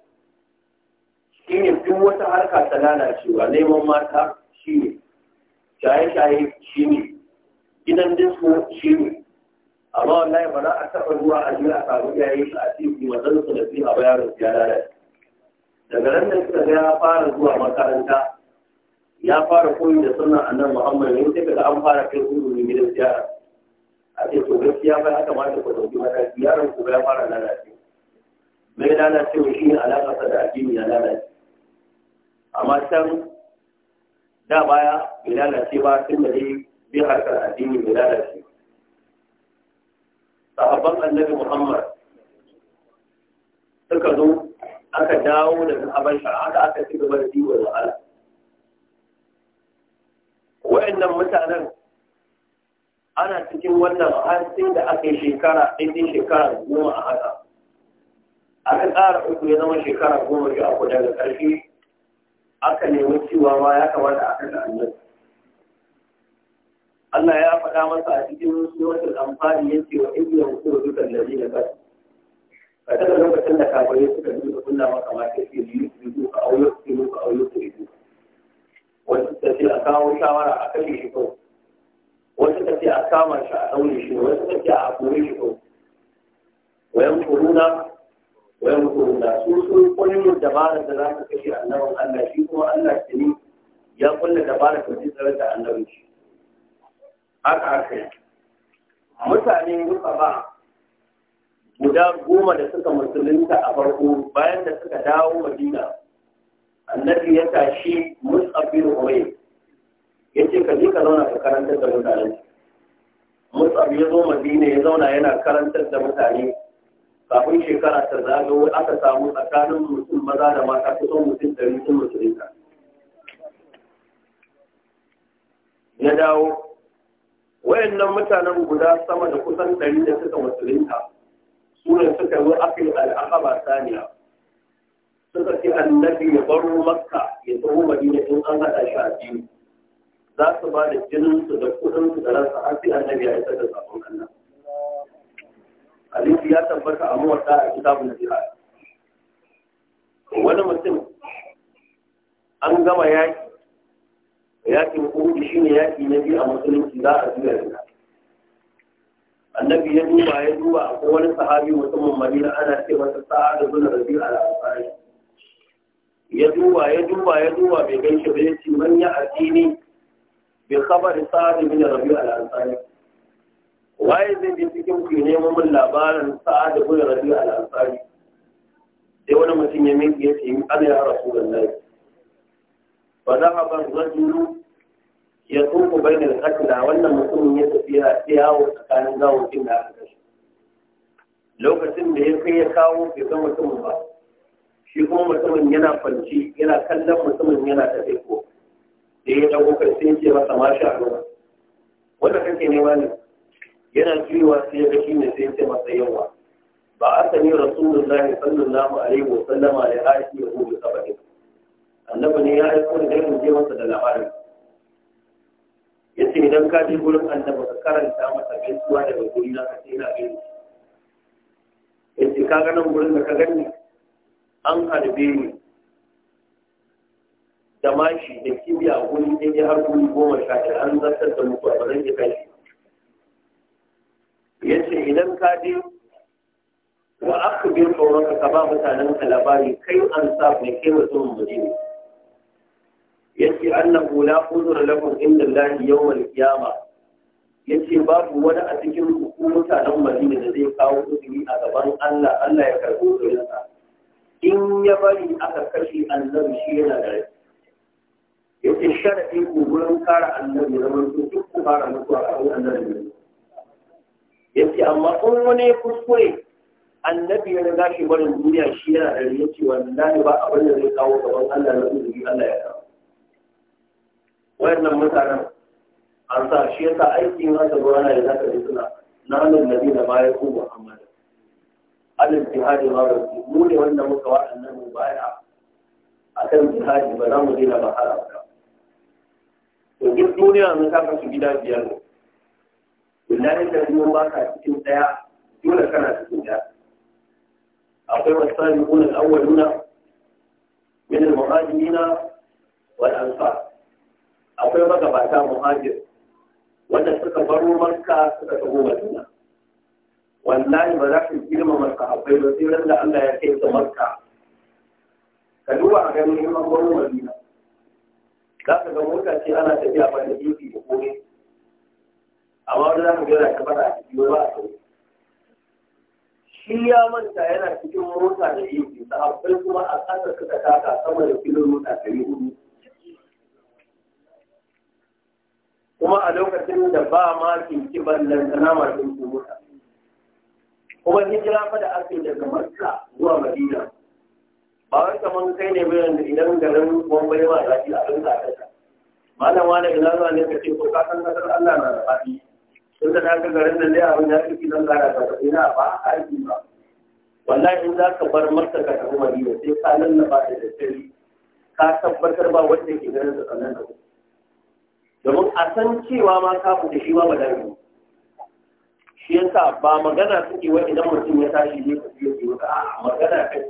shi ne duk wata harka ta lalacewa neman mata shi ne shaye-shaye shi ne gidan disko shi ne amma wallahi ba za a taɓa zuwa a jira a samu iyaye shi a cikin wajen su da a bayarin ya lalace daga nan da suka ga ya fara zuwa makaranta ya fara koyi da sunan annan muhammad ne sai kaga an fara kai gudu ne gidan siyara a ce to gaskiya ba ya kamata ku dauki mataki yaron ku ya fara lalace mai lalacewa shi ne alaƙa da addini ya lalace amma can da baya bai lalace ba tun da bi harkar addini bai lalace sahabban annabi muhammad suka zo aka dawo da habasha haka aka ci gaba da diwa wahala wa'annan mutanen ana cikin wannan hasin da aka yi shekara ɗin shekara goma a haka aka tsara uku ya zama shekara goma shi a uku da ƙarshe aka nemi cewa ma ya kamata a kashe annabi Allah ya faɗa masa a cikin suratul amfani yake wa in yanku dukan ladina kafaru ka daga lokacin da kafirai suka yi da kunna maka ma ke ce yi su ka auyo su yi ka auyo su yi wasu ta ce a kawo shawara a kashe shi kawai wasu ta ce a kama shi a ɗaure shi wasu ta ce a kore shi kawai wayan kuruna wani mutum da su sun kullum dabarar da za ka kashe annabin Allah shi kuma Allah shi ne ya kulle dabara da zai tsare da annabin shi haka haka mutane ruka ba guda goma da suka musulunta a farko bayan da suka dawo madina annabi ya tashi musabin umayy ya ce ka je ka zauna ka karantar da mutane musab ya zo madina ya zauna yana karantar da mutane kafin shekara ta wai aka samu tsakanin mutum maza da mata kusan mutum ɗari sun musulunta ya dawo wayannan mutanen guda sama da kusan ɗari da suka musulunta su ne suka yi akin al'akaba saniya suka ce annabi ya baro makka ya tsoho madina in an haɗa shi a biyu za su ba da jininsu da kuɗinsu da ransa har sai annabi ya isa da sabon Allah hadisi ya tabbata a muwatta a kitabun jihad wani mutum an gama yaki yakin shi ne yaki na biyu a musulunci za a juya da annabi ya duba ya duba akwai wani sahabi musamman madina ana ce masa sa'a da zuwa rabi a al'asari ya duba ya duba ya duba bai ganshi shi ba ya ce man ya addini bi khabar sa'a da zuwa rabi a al'asari waye zai je cikin ku neman mun labarin sa'a da bin rabi al-ansari sai wani mutum ya miki ya ce ana ya rasulullahi fa dhahaba ar Ya yatufu bayna al-qatla wannan mutumin ya tafi ya yawo tsakanin gawokin da aka kashe lokacin da ya kai ya kawo bai ga mutumin ba shi kuma mutumin yana kwanci yana kallon mutumin yana tafe ko da ya dago kai sai ya ce masa masha a Wannan kake nema ne yana cewa sai ga shi ne sai ya ce masa yawa ba a sani rasulullahi sallallahu alaihi wa sallama da haifi ya hudu saba'in annabi ne ya haifi da ya je masa da labarin yace idan ka je gurin annabi ka karanta masa gaisuwa daga gurin na ka ce ina gani yace ka ga nan gurin da ka gani an harbe ni da mashi da kibiya guri ɗaya har guri goma sha ɗaya an zartar da mutuwa ba zan yi kai idan ka je wa aka bin tsoron ka ba mutanen ka labari kai an sa mai kai mutumin mujini yace annahu la uzra lakum inda Allah yawmal qiyamah ya ce babu wani a cikin mutanen madina da zai kawo uzuri a gaban Allah Allah ya karɓi uzurinsa in ya bari aka kashe annabi shi yana da rai ya ce sharaɗin ku gurin kare annabi zaman su duk ku fara mutuwa a kan annabi yace amma kun wani kuskure annabi ya riga shi barin duniya shi yana da yace wallahi ba abin da zai kawo gaban Allah na uzuri Allah ya kawo wayannan mutanen an sa shi yasa aikin hasa gwana da zaka ji suna nanin nabi da baya ko Muhammad alin jihadi ma rabu mu ne wanda muka wa annabi baya akan jihadi ba za mu daina ba har abada to duk duniya mun kafa su gida biyar ne billahi da biyu ba ka cikin daya dole kana cikin daya akwai wasu kuna al'awwaluna min al-muhajirina wal ansar akwai magabata muhajir wanda suka baro makka suka taho madina wallahi ba za su girma maka akwai ba sai da Allah ya kai su makka ka duba a ganin imam baro madina za ka ga mota ce ana tafiya ba da jiki da komai amma wani za ka gina ka fara a cikin ba a shi ya manta yana cikin mota da yake sahabbai kuma a ƙasa suka taka sama da filin mota ta yi hudu kuma a lokacin da ba ma kinki ballan sana masu mota kuma hijira fa da ake daga makka zuwa madina ba wai kamar kai ne bayan da idan garin bombai ma za ki a rinka ta malam wani ina zuwa ne ka ce ko ka san kasar Allah na da faɗi in ka taka garin nan dai abin da ake nan gara ba ina ba a aiki ba wallahi in za ka bar maka ka tafi madina sai ka lallaba da daddare ka tabbatar ba wanda ke ganin da sannan da domin a san cewa ma ka da shi ma ba dare shi yasa ba magana suke wa idan mutum ya tashi ne tafi ya ce a magana kai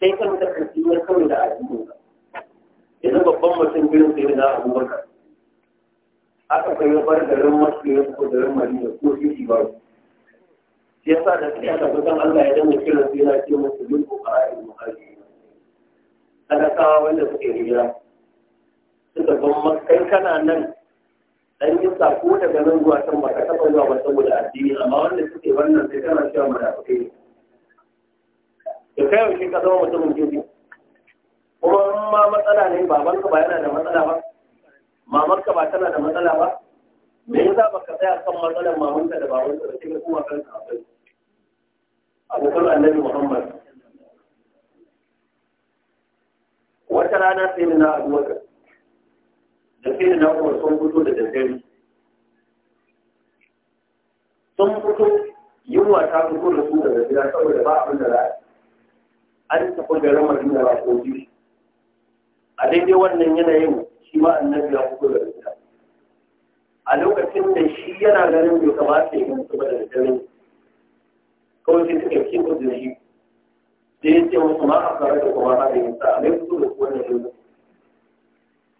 kai kan ka tafi ya kawai da addini ka yanzu babban mutum irin sai da abubakar aka kai ya bar garin masu ya ko garin da ko shi ba shi yasa da kai aka fi Allah ya dama kira su yana ce yin bin ƙoƙarin muhaji kawa wanda suke hijira suka ban makai kana nan dan yi sako daga nan zuwa can ba ka taɓa zuwa ba saboda addini amma wanda suke wannan sai kana cewa munafukai da kai yaushe ka zama mutumin jirgi kuma ma matsala ne babanka ba yana da matsala ba mamarka ba tana da matsala ba me yasa baka tsaya kan matsalar mamanka da babanka ba sai ka kuma kanka akwai abokan annabi muhammad wata rana sai na abuwar da sai na kuma sun fito da daddare sun fito yunwa ta fito da su daga gida saboda ba abin da za a an tafi garin madina ba ko biyu a daidai wannan yanayin shi ma annabi ya fito da ita a lokacin da shi yana ganin bai kamata ya mutu ba da dare kawai sai suka ci ko da shi sai ya ce musu ma a kare da kuma hada yin sa a mai fito da kowane yanzu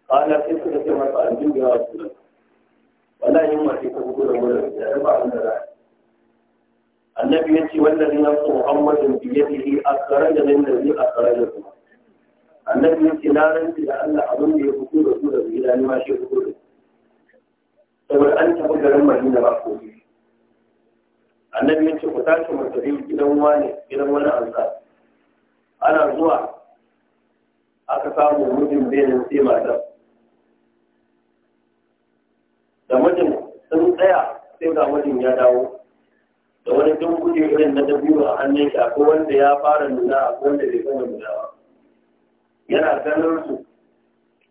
kala sai suka ce masa aljin da yawa su wala yin masu ta fito da wani da ba a da za annabi ya ce wannan ya so muhammadin biyadihi a kare da nan da zai a kare da kuma annabi ya ce na rantsi da Allah abin da ya fito da su da su gida ni ma shi fito da su saboda an tafi garin Madina ba ko annabi ya ce ku tashi mu tafi gidan wani gidan wani ansa ana zuwa aka samu mijin benin sai matar da mutum sun tsaya sai ga mutum ya dawo da wani dunkule irin na dabiwa a hannun shi akwai wanda ya fara nuna akwai wanda bai fara nuna ba yana ganin su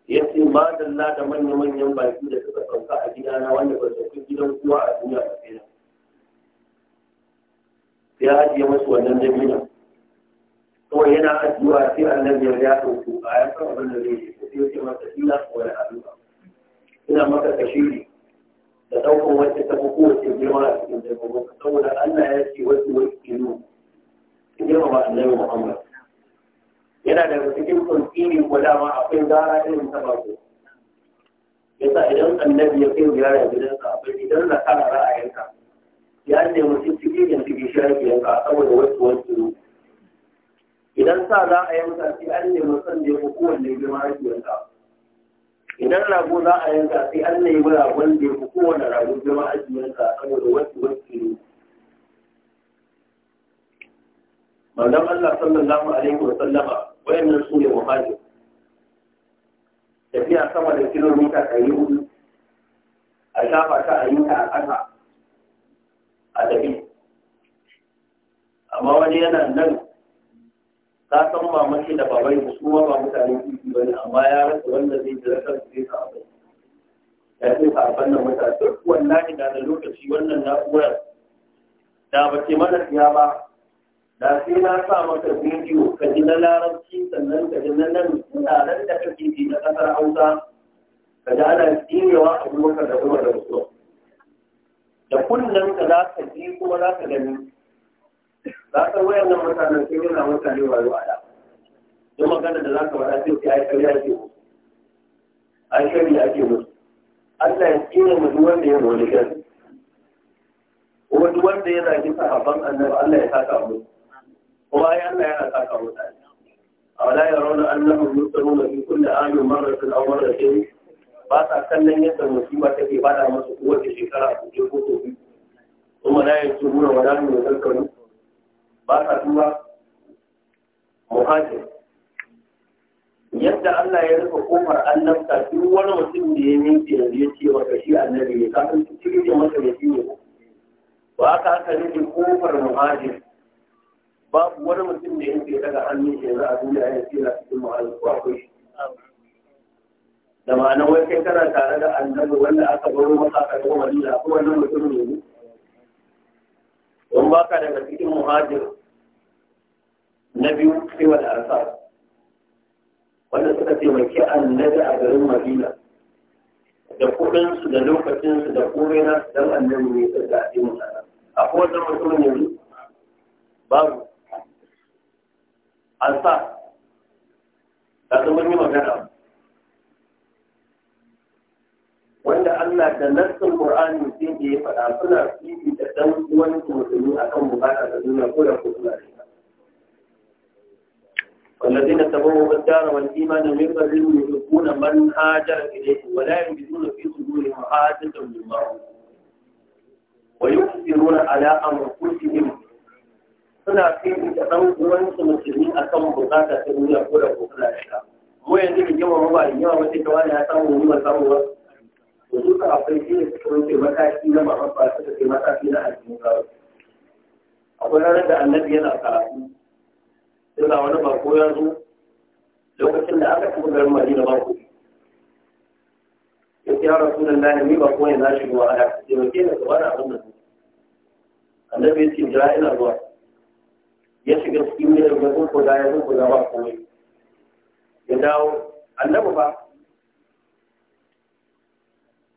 ya ce ma la da manya-manyan baki da suka sauka a gidana wanda ba tafi gidan kowa a duniya ba sai ya ajiye masu wannan jami'a kawai yana addu'a sai annabi ya ɗauko a ya san abin da zai yi sai ya ce masa ina wani ba ina maka kashiri da ɗaukar wacce ta fi kowace girma a cikin jami'a saboda Allah ya ce wasu wasu nuna girma ba annabi Muhammad yana da cikin kunsiri ko dama akwai gara irin ta bako yasa idan annabi ya kai ziyara gidansa akwai idan na kara ra'ayinka ya ne mutum cikin yin cikin shari'a yanka saboda wasu wasu idan sa za a yanka sai an nemi san da ya fi kowanne girma ake yanka idan rago za a yanka sai an nemi ragon da ya fi kowanne rago girma ake yanka saboda wasu wasu ne manzon Allah sallallahu alaihi wa sallama wayannan su ne muhajir tafiya sama da kilomita ɗari hudu a shafa ta a yi ta a ƙasa a tafi amma wani yana nan ka san mamaki da babai da su ba mutane kifi ne, amma ya rasa wanda zai jira kan su zai sa abai ya ce abin da mutane duk wannan da na lokaci wannan na'urar da ba ce mana siya ba da sai na sa maka bidiyo ka ji na larabci sannan ka ji na nan yaren da kake ji na ƙasar hausa ka ji ana tsinewa a maka da kuma da wasu da kullum ka za ka ji kuma za ka gani za ka wayar nan mutanen sai yana mutane wayo a da don magana da za ka faɗa sai sai ai shari'a ke musu ai shari'a ke musu Allah ya tsine mu duk wanda ya mawali gani wani wanda yana kisa a ban annabi Allah ya saka musu kuma ya Allah yana يرون أنهم يبصرون في كل آن مرة أو ba sa kallon yadda musiba take bada masu kowace shekara a cikin hoto biyu kuma na yi su nuna wada ba sa yadda Allah ya rufe kofar annabta duk wani mutum da ya minke yanzu ya ce maka shi annabi ne kafin su cikin masa ne shi ne ba haka haka rufe kofar muhajir babu wani mutum da yake daga hannun shi yanzu a duniya ya ce na cikin muhalli ko akwai shi da ma'ana wai kai kana tare da annabi wanda aka baro masa aka ga da ko wannan mutum ne ne don baka daga cikin muhajir na biyu sai wal arsa. wanda suka taimaki annabi a garin madina da kuɗinsu da lokacinsu da komai na dan annabi ne da addinin a kowace wannan mutum ne babu an sa da zaman yi magana wanda Allah da nassin Qur'ani sai da ya faɗa suna fifi da ɗan wani musulmi a kan bukata da duniya ko da ko suna da ita. Wallazi na taɓa wa wajen wani imanin mai ƙarfi ne da kuna man hajar gare su wa layin bi na fi su zuwa ma hajar da mu ba. Wa yi kusurura ala'amur kusurin suna kai da ɗan uwansu musulmi a kan bukata ta duniya ko da kuma da shiga mu yanzu da yawa ma ba da yawa ba sai kawai ya samu ni ba samu ba to duka akwai shi ne suka wuce mataki na mamman ba suka kai mataki na addini ba akwai ranar da annabi yana karatu sai ga wani bako ya zo lokacin da aka tafi garin madina ba ku ya ce ya sunan da ni ba ko ya na shigo a da ke da wani abin da annabi ya ce jira ina zuwa يسجد سكيمي للجبول كل دائم كل دائم كل يداو النبو با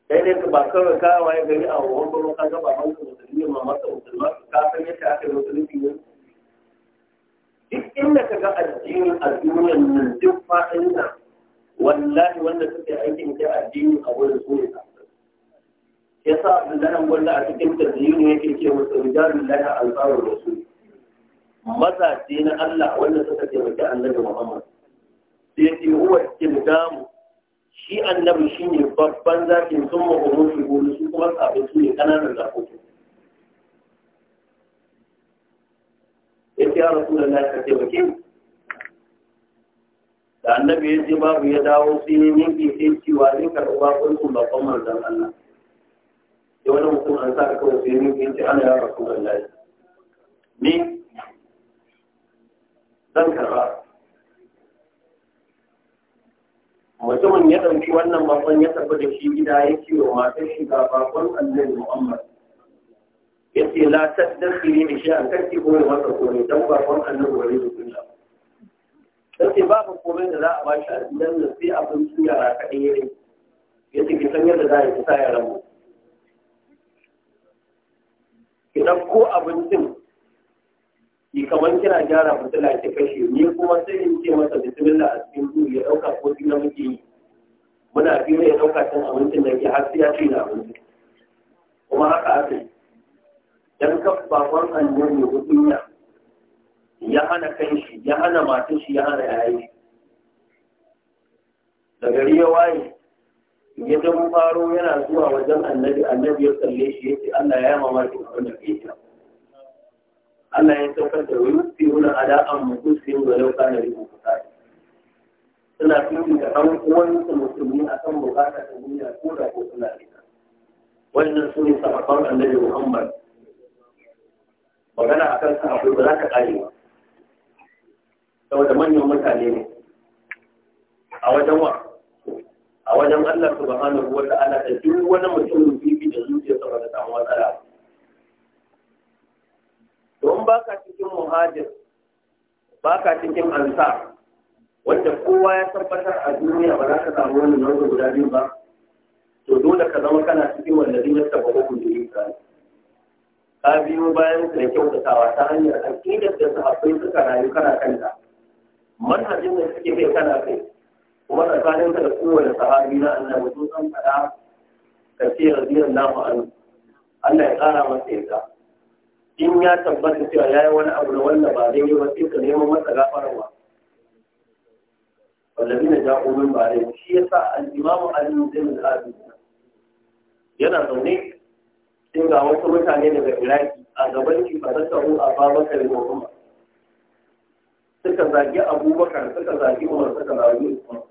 تيني تباكر كا واي غني او هون بلو كا جبا هون كو مسلمي ما مات او سلما كا تنية شاك الوصلي تيني جيت إنك جاء الدين الدنيا من الدفع إلنا والله وانا تبقى عيكي متاع الدين أول سوني يسا عبد الله ولا أتكلم تدين يكي كي مستوجار الله ألفار الرسول mazaje na Allah wanda suka taimaki annabi Muhammad sai yake huwa damu, shi annabi ne babban zakin sun mahimmin gudu su kuma tsafin su ne ƙananan ya ce ya rasu da ka taimake da annabi ya ce babu ya dawo sai ne minki sai cewa ne karɓa ƙulkun babban manzan Allah Ya wani mutum an sa ka kawai sai minki ya ce ana ya rasu da lafiya zan karba mutumin ya ɗauki wannan bakon ya tafi da shi gida ya ce wa matar shi ga bakon annabi Muhammad ya ce la shi a kan ke kuma masa komai don bakon annabi wani da kunya sai babu komai da za a ba shi a gidan da sai abincin yara kaɗai ya rai ya ce kisan yadda za a yi sa ya mu ki ɗauko abincin ki kamar kina gyara fitila ki kashe ne kuma sai in ce masa bismillah a cikin duhu ya dauka ko na muke yi muna fira ya dauka cin abincin da ke har sai ya ce na abinci kuma haka aka yi dan kan baban annabi hudunya ya hana kan shi ya hana matan shi ya hana yayi da gari ya waye ya dan faro yana zuwa wajen annabi annabi ya tsalle shi ya ce Allah ya mamaki abin da ke yi Allah ya saukar da yusiruna ala anfusihim wa law kana bihim khasa'is suna fifi da ɗan su musulmi a kan bukata ta duniya ko da ko suna ita wannan su ne sahabban annabi muhammad magana a kan sahabbai ba za ta ƙare ba saboda manyan mutane ne a wajen wa a wajen allah subhanahu wa ta'ala da duk wani mutum da zuciya saboda ta samu matsala ba baka cikin muhajir baka cikin ansa wanda kowa ya tabbatar a duniya ba za ka samu wani nauyi guda biyu ba to dole ka zama kana cikin wanda zai taba hukun da yi ka biyo bayan da kyautatawa ta hanyar aƙidar da su sahabbai suka rayu kana kanta manhajin da suke kai kana kai kuma tsakanin da kowane sahabi na annabi sun san fada ka ce radiyallahu anhu Allah ya ƙara masa yadda in ya tabbata cewa ya yi wani abu da wanda ba daidai ba sai ka neman masa gafararwa wallabi na ja'o ba daidai, shi ya sa al'imamu alimin zai min al'adu yana zaune sai ga wasu mutane daga iraki a gaban shi ba ta taru a suka zagi abubakar suka zagi umar suka zagi usman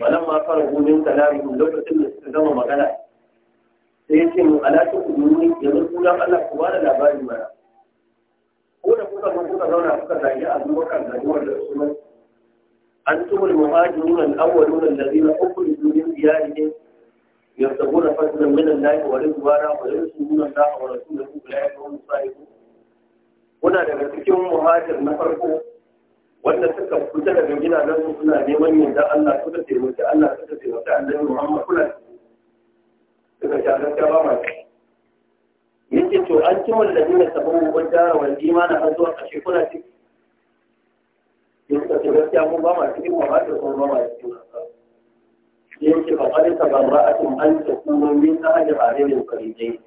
walamma fara gumin kalamihim lokacin da suka gama magana sai ya ce mu alaƙi umumi yanzu kulan Allah ku bada labari mana ko da kuka zo kuka zauna kuka zagi a zuwa kan zagiwar da su an tumul muhajirun al-awwalun alladhina ukhriju min diyarihim يرتبون فضلا من الله ورضوانا ويرسلون الله ورسوله اولئك هم الصالحون kuna daga cikin muhajir na farko wanda suka fita daga gidajen suna neman yin da Allah suka taimaki Allah suka taimaki Annabi Muhammad kuna suka sha gaskiya ba yace to an ci da na sabon wajara wal imani har zuwa kashe kuna ci yace to gaskiya mun ba ma cikin ba kuma ba ma cikin yace fa qad tabarra'atum an takunu min ahli al-arim al-qaridai ku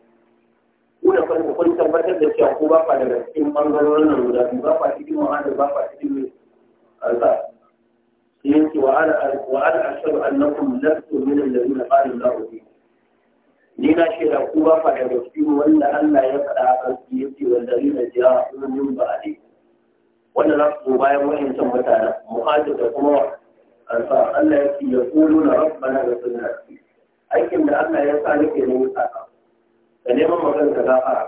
Kuna farko kun tabbatar da cewa ku ba fa daga cikin ɓangarorin nan guda ba fa cikin wa'ada ba fa cikin alza yace wa ala wa ala ashhadu annakum lastu min alladhina qala Allahu bi ni na shaida ku ba fa da gaskiya wanda Allah ya faɗa a kan su yace wanda zai ja kuma min ba ne wanda za su bayan wayancan mutane muhajir da kuma ansa Allah ya ce yaquluna rabbana da sunna aikin da Allah ya sa nake ne saka da neman magana ta gafara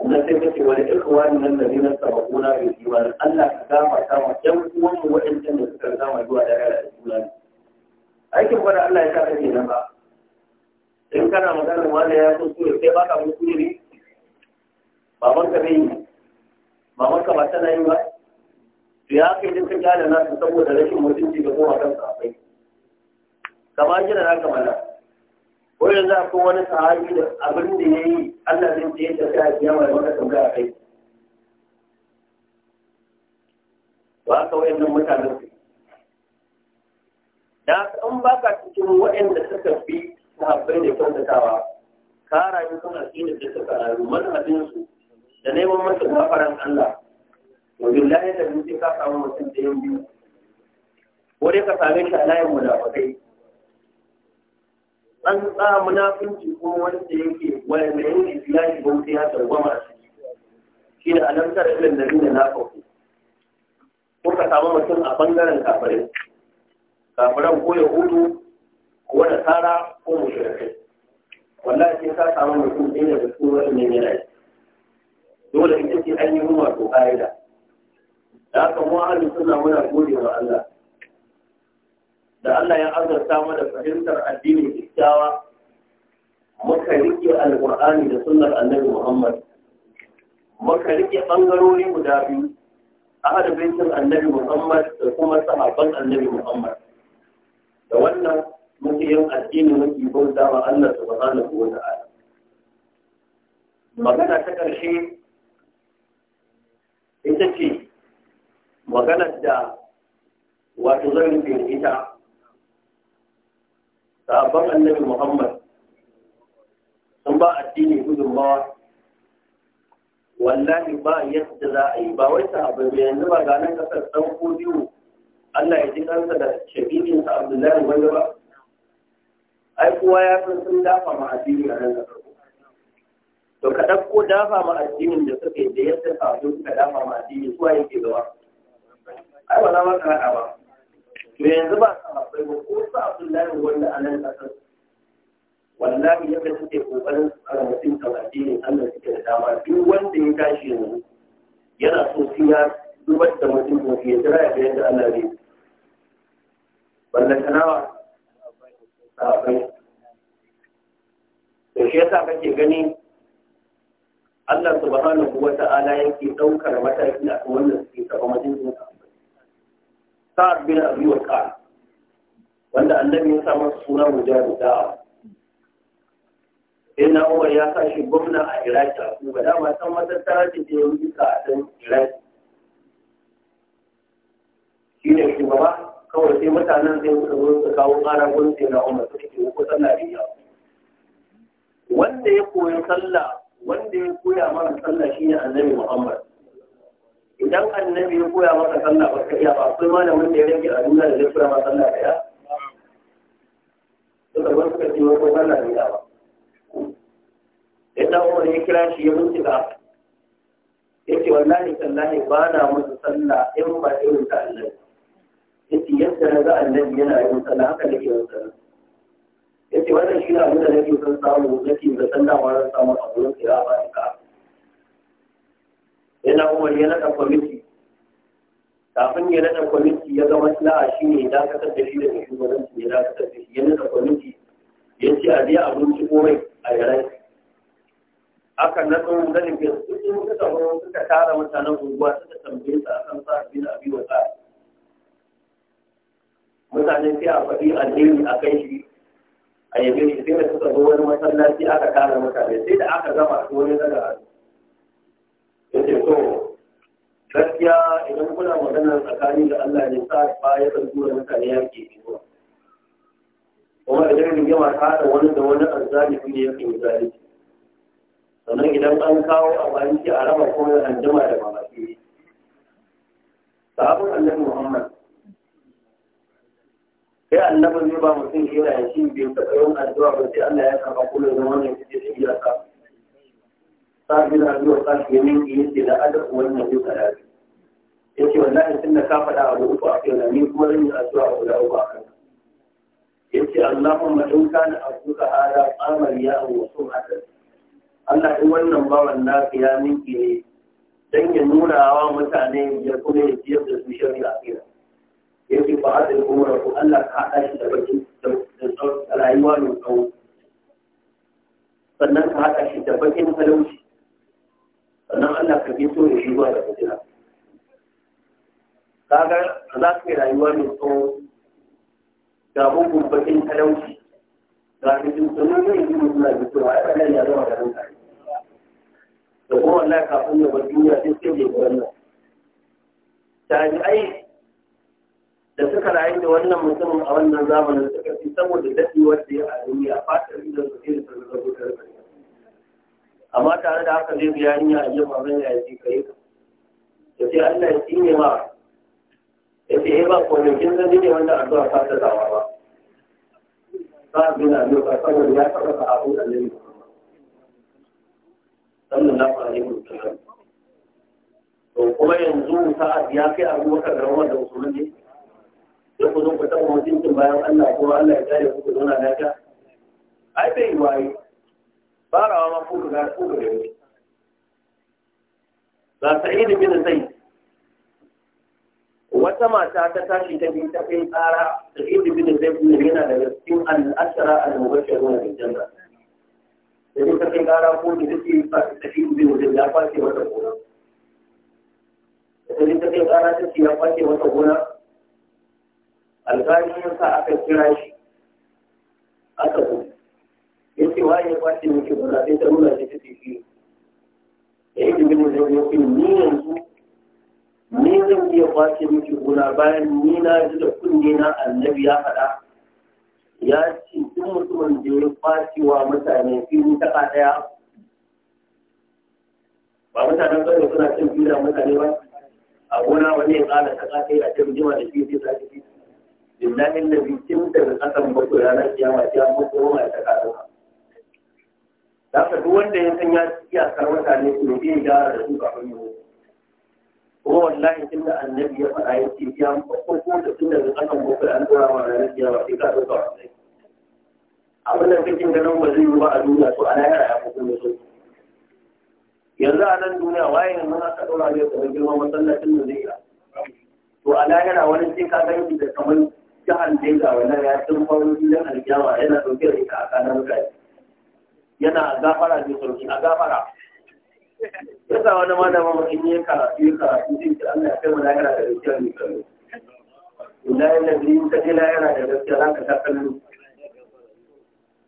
wannan sai kace wani ikhwani nan da ne sabakuna bi iman Allah ka gafarta wa ɗan uwan mu waɗancan da suka zama zuwa da rayuwar aikin bada Allah ya sa kake nan ba in kana maganin wani ya so sure sai baka musu ne baban ka bai yi baban ka ba tana yi ba to ya kai duk kyale na nasu saboda rashin mutunci ga kuma kan sahabbai kamar jira na na, ko yanzu akwai wani sahabi da abin da ya yi Allah zai ce ya tafi a kiyama da maka tambaya kai ba ka wayannan mutanen su da in baka cikin waɗanda suka fi sahabbai da kyautatawa ka rayu kan aƙidar da suka rayu manhajinsu da neman masa gafaran Allah Wajen billahi da mun ka samu mutum da yan biyu ko dai ka same shi a layin munafikai an tsa munafinci ko wanda yake wanda yake billahi bauta ya tarwama shi shi da alamtar ilin da nuna na faɗo ko ka samu mutum a bangaren kafirai kafiran ko yahudu ko da tsara ko mushrikai wallahi sai ka samu mutum ɗaya daga cikin wannan yanayi dole ita ce an yi ruwa to ƙa'ida da haka mu muna gode wa Allah da Allah ya azurta mu da fahimtar addinin kyakkyawa muka riƙe Alƙur'ani da sunnar annabi Muhammad muka rike bangarori guda biyu ahad annabi Muhammad da kuma sahabban annabi Muhammad da wannan muke yin addini muke bauta wa Allah subhanahu wa ta'ala magana ta ƙarshe ita ce maganar da wato zan rufe ita sabon annabi Muhammad sun ba addini gudunmawa wallahi ba yadda za a yi ba wai abin da yanzu ba ga nan kasar ɗan ko biyu Allah ya ji kansa da shabirinsa Abdullahi wanda ba ai kowa ya san sun dafa ma addini a nan gaba to ka ɗauko dafa ma addinin da suka yi da yadda sabu suka dafa ma addinin kowa yake gaba ai ba za ma kana ba to yanzu ba sahabbai ba ko sa Abdullahi wanda a nan kasar wallahi yadda suke kokarin tsara mutum kan addinin Allah suke da dama duk wanda ya tashi yanzu yana so sai ya zubar da mutum ko ya jira ya ga yadda Allah zai ballantanawa da shi yasa kake gani Allah subhanahu wa ta'ala yake daukar mataki a wannan suke taba majinsin sa'ad bin abi waqas wanda annabi ya sa masa suna mujahid da'a sai na umar ya sa shi gwamna a iraki a kuma dama san wata ce da ya wuce a can iraki shi ne shugaba kawai sai mutanen sai wuce wurin su kawo ƙara gurin sai na umar su ke wuku sallah da yawa wanda ya koyi sallah wanda ya koya mana sallah shi ne annabi muhammad idan annabi ya koya maka sallah ba ka iya ba akwai malamin da ya rage a duniya da zai ma sallah da yawa suka bar suka ce wata sallah da yawa ya umar ya kira shi ya bincika ba, yake wallahi ne ba na musu sallah in ba irin ta annabi yace yadda na za ga annabi yana yin na haka nake yin Ya ce wannan shi ne abin da nake son samu nake da sallah ma zan samu a gurin kira ba ka yana umar yana da kwamiti kafin ya nada kwamiti ya ga maslaha shi ne ya dakatar da shi da shugabanci ya dakatar da shi ya nada kwamiti ya ce a biya abinci komai a yaren aka natsun ganin fiye su sun suka tara mutanen unguwa suka tambaye su akan sa abin abin wa tsari mutane sai a faɗi addini a kai shi a yabe shi sai da suka zo wani masallaci aka kare mutane sai da aka gama su wani daga ce to gaskiya idan kuna magana tsakani da Allah ne sa ba ya san zuwa mutane ya ke zuwa kuma idan rigima ta da wani da wani azzalimi ne ya ke zalunci sannan idan an kawo abinci a raba kuma da anjima da mamaki Sabon annabi Muhammad sai annabi zai ba mutum yana ya shi bai taɓa yin addu'a ba sai Allah ya karɓa kula da wannan kuke shi ya sa sabi na zuwa sashi ya min yi ce da adab wannan zai tsara ya ce wallahi tun da ka faɗa abu uku a kai na ni kuma zan yi addu'a a guda uku a kan ya ce Allahumma in kana abuka hada qamar ya wa sun'atan Allah in wannan bawan naka ya minki ne dan ya nuna wa mutane ya kuma ya ciyar da su shari'a kenan yake ba a da umara ko Allah ka haɗa shi da bakin da da rayuwa mai tsawo sannan ka haɗa shi da bakin talauci sannan Allah ka bi so ya shi da fitina kaga za ka yi rayuwa mai tsawo ga bugun bakin talauci ga rikin tsanin zai yi mutum na fitowa a ɗanar ya zama da kare da kuma wallahi kafin ya bar duniya sai sai ya yi wannan ta ji ai da suka rayu da wannan mutumin a wannan zamanin suka fi saboda daɗewar da ya a duniya fatar idan su irin da zaga wutar amma tare da haka zai biya ni a yi abin da ya ci kai da ce Allah ya ci ne ma ya ce eh, ba kwanakin zan ne wanda a zuwa fata da ba ba a bin a nufa saboda ya taɓa ka abin da zai sallallahu alaihi wa Ba to kuma yanzu sa'ad ya kai abubakar da wanda musulmi ne sai ku zo ku taɓa mutuncin bayan Allah ko Allah ya kare ku ku zauna lafiya ai bai waye farawa ma ku ga ku ga yau ga sa'id bin zaid wata mata ta tashi ta biyu ta kai tsara sa'id bin zaid ne yana daga cikin al-ashara al-mubashshirun bil janna sai ta kai tsara ko da take sa'id bin zaid ya kwace wata gona sai ta kai tsara ta ce ya kwace wata gona alƙali ya sa aka kira shi aka zo ya ce waye ya kwace miki gona sai ta nuna shi ta tafi ya yi dubin da ya ce ni yanzu ni zan iya kwace miki gona bayan ni na ji da kunne na annabi ya faɗa ya ce duk mutumin da ya kwace wa mutane fili ta ɗaya ba mutanen gano suna cin fili mutane ba a gona wani ya ƙara ta ƙasa a jirgin da fili ta ƙasa lillahi allazi kin da kasan bako ranar kiyama ya mu koma ta karuwa haka duk wanda ya san ya iyakar mutane su ne gyara da su kafin mu kuma wallahi tun da annabi ya faɗa ya ce ya ko ko da daga an abin da kake ganin ba zai yi ba a duniya to a ya fi kuma so yanzu a nan duniya waye ne mun ka ɗora ne kamar girma masallacin da zai yi to a lahira wani sai ka gani da kamar jihar Jega wannan ya cin farin gidan alkiyama yana ɗauke da ita a kanan kai. Yana a gafara ne sauki a gafara. Yasa wani malama mutum ya karatu ya karatu zai ce Allah ya kai mana yana da gaskiya mai kallo. Ina yana da yin ta na yana da gaskiya za ka ta kallo.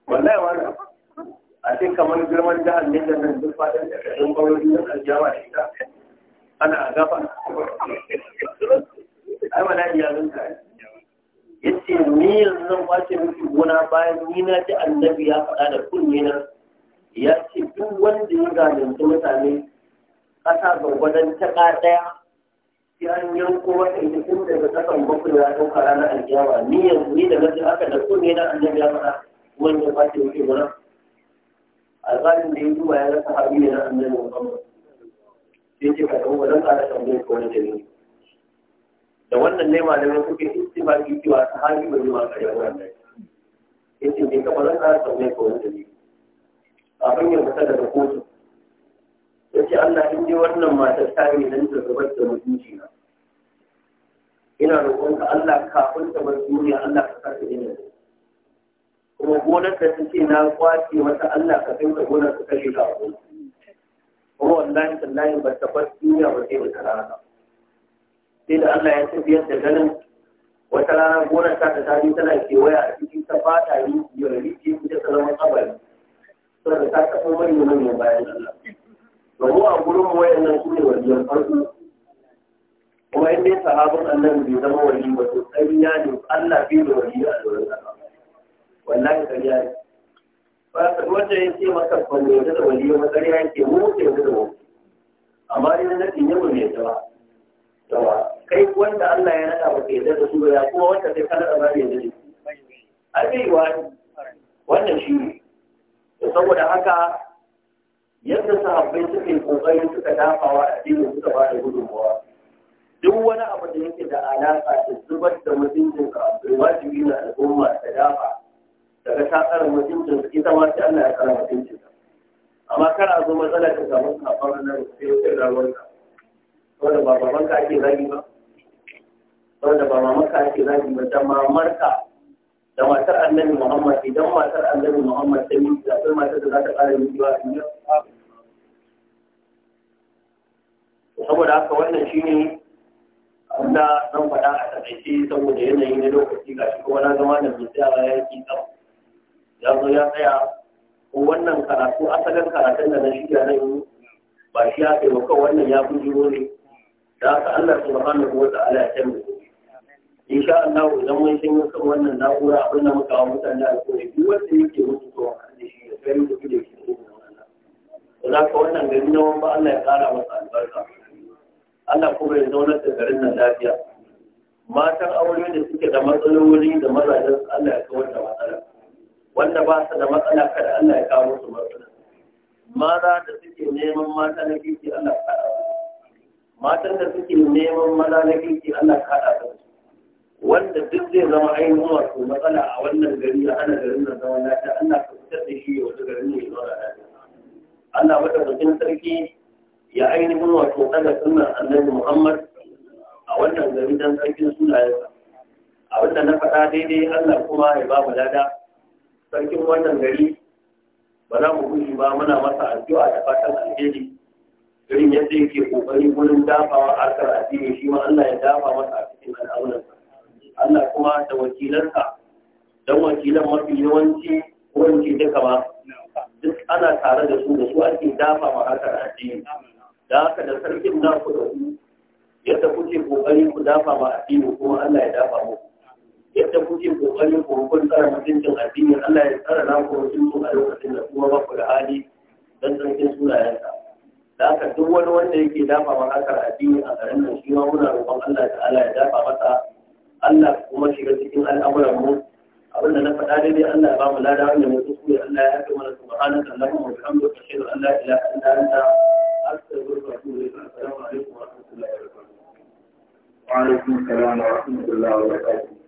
Wallahi wani a cikin kamar girman jihar da nan duk faɗin da ɗin farin filin alkiyama da ita. Ana a gafara. Ai, mana iya zunta ne. yace ni zan kwace miki gona bayan ni na ji annabi ya faɗa da kunne na ya ce duk wanda ya zalunci mutane ƙasa gwargwadon ta ɗaya yan an yanko wata ita tun daga ƙasan bakwai ya ɗauka ranar alkiyama ni yanzu ni da na haka da kunne na annabi ya faɗa wanda ya kwace miki gona alƙalin da ya duba ya rasa haɗu ne na annabi muhammad sai ce ka ɗauka don ƙara tambayar ko wani dalili da wannan ne malamai suke istifaki cewa sahabi bai ma kare wannan yace ne ka bazan ka tsaune ko wanda ne kafin ya fita daga kotu yace Allah in dai wannan matar ta yi nan ta zubar da mutunci na ina roƙonka Allah kafin ta bar duniya Allah ka kasa ina kuma gonar ta take na kwace mata Allah ka kai gonar ka kashe ka kuma wallahi tallahi ba ta bar duniya ba sai ba ta rana sai da Allah ya tafiyar da ganin wata rana gonar ta ta tari tana kewaya a cikin ta fata yi yarari ce ta ta zama kabari da ta taɓa manyan manyan bayan Allah domin a gurin mu wayannan su ne waliyan farko kuma in dai sahabin annan bai zama wali ba to ƙarya ne Allah bai da wali a doron Allah wallahi ƙarya ne ba ka wanda ya ce maka ban yarda da wali ba ƙarya yake mu yarda da mu amma dai na nafi ne mu yarda ba kai wanda Allah ya nada maka yadda da su ba ya kuma wanda kai kana da bari yadda ai wani wannan shi ne saboda haka yadda sahabbai suka yi kokari suka dafawa a cikin suka ba da gudunmawa duk wani abu da yake da alaƙa da zubar da mutuncin ka wajibi na al'umma ta dafa daga ta tsara mutuncin ka ita ma sai Allah ya tsara mutuncin ka amma kana zo matsala ta samu kafar nan sai ya kai rawar ka wanda ba babanka ka ake zagi ba wanda ba mamarka ake zagi ba da mamarka da matar annabi Muhammad idan matar annabi Muhammad ta yi da akwai matar da za ta ƙara yi ba a saboda haka wannan shi ne da zan faɗa a taƙaice saboda yanayi na lokaci ga shi kuma na zama da mai tsayawa ya yi kan ya zo ya tsaya ko wannan karatu asalin karatun da na shirya na yi ba shi ya taimaka wannan ya fi jiro ne da haka Allah subhanahu wa ta'ala ya taimaka in sha Allah idan mun san kan wannan na'ura abin da muka wa mutane alƙawari duk wanda yake mutu to a da shi ya kai mutu da shi ko wannan za ka wannan gari na wani Allah ya ƙara masa albarka Allah kuma ya zaunar da garin nan lafiya matan aure da suke da matsaloli da mazajen Allah ya kawar da matsala wanda ba su da matsala kada Allah ya kawo musu matsala maza da suke neman mata na kirki Allah ya kaɗa matan da suke neman mata na kirki Allah ya kaɗa su wanda duk zai zama ainihin wato matsala a wannan gari a ana garin nan zama lafiya Allah ka fitar da shi ya wata garin ne zauna lafiya Ana wata mutum sarki ya ainihin wato daga sunan annabi Muhammad a wannan gari dan sarkin sunayensa abin da na faɗa daidai Allah kuma ya ba mu lada sarkin wannan gari ba za mu gushi ba muna masa addu'a da fatan alheri irin yadda yake kokari wurin dafawa harkar addini shi ma Allah ya dafa masa a cikin al'amuransa Allah kuma da wakilarka don wakilan mafi yawanci wanci duka ba duk ana tare da su da su ake dafa ma haka addini da haka da sarkin na ku da ku yadda kuke kokari ku dafa ma addini kuma Allah ya dafa mu yadda kuke kokari ku kun tsara mutuncin addini Allah ya tsara na ku mutuncin a lokacin da kuma ba ku da hali don sarkin sunayensa da haka duk wani wanda yake dafa ma haka addini a garin nan shi ma muna roƙon Allah ta'ala ya dafa masa Allah kuma shiga cikin al'amuran mu abinda na faɗa daidai Allah ya ba mu lada wanda mu tsuku ya Allah ya haɗe mana subhanaka allahumma wa bihamdika ashhadu an la ilaha illa anta astaghfiruka wa atubu ilayk assalamu alaikum wa rahmatullahi wa barakatuh wa alaikum assalam wa rahmatullahi wa barakatuh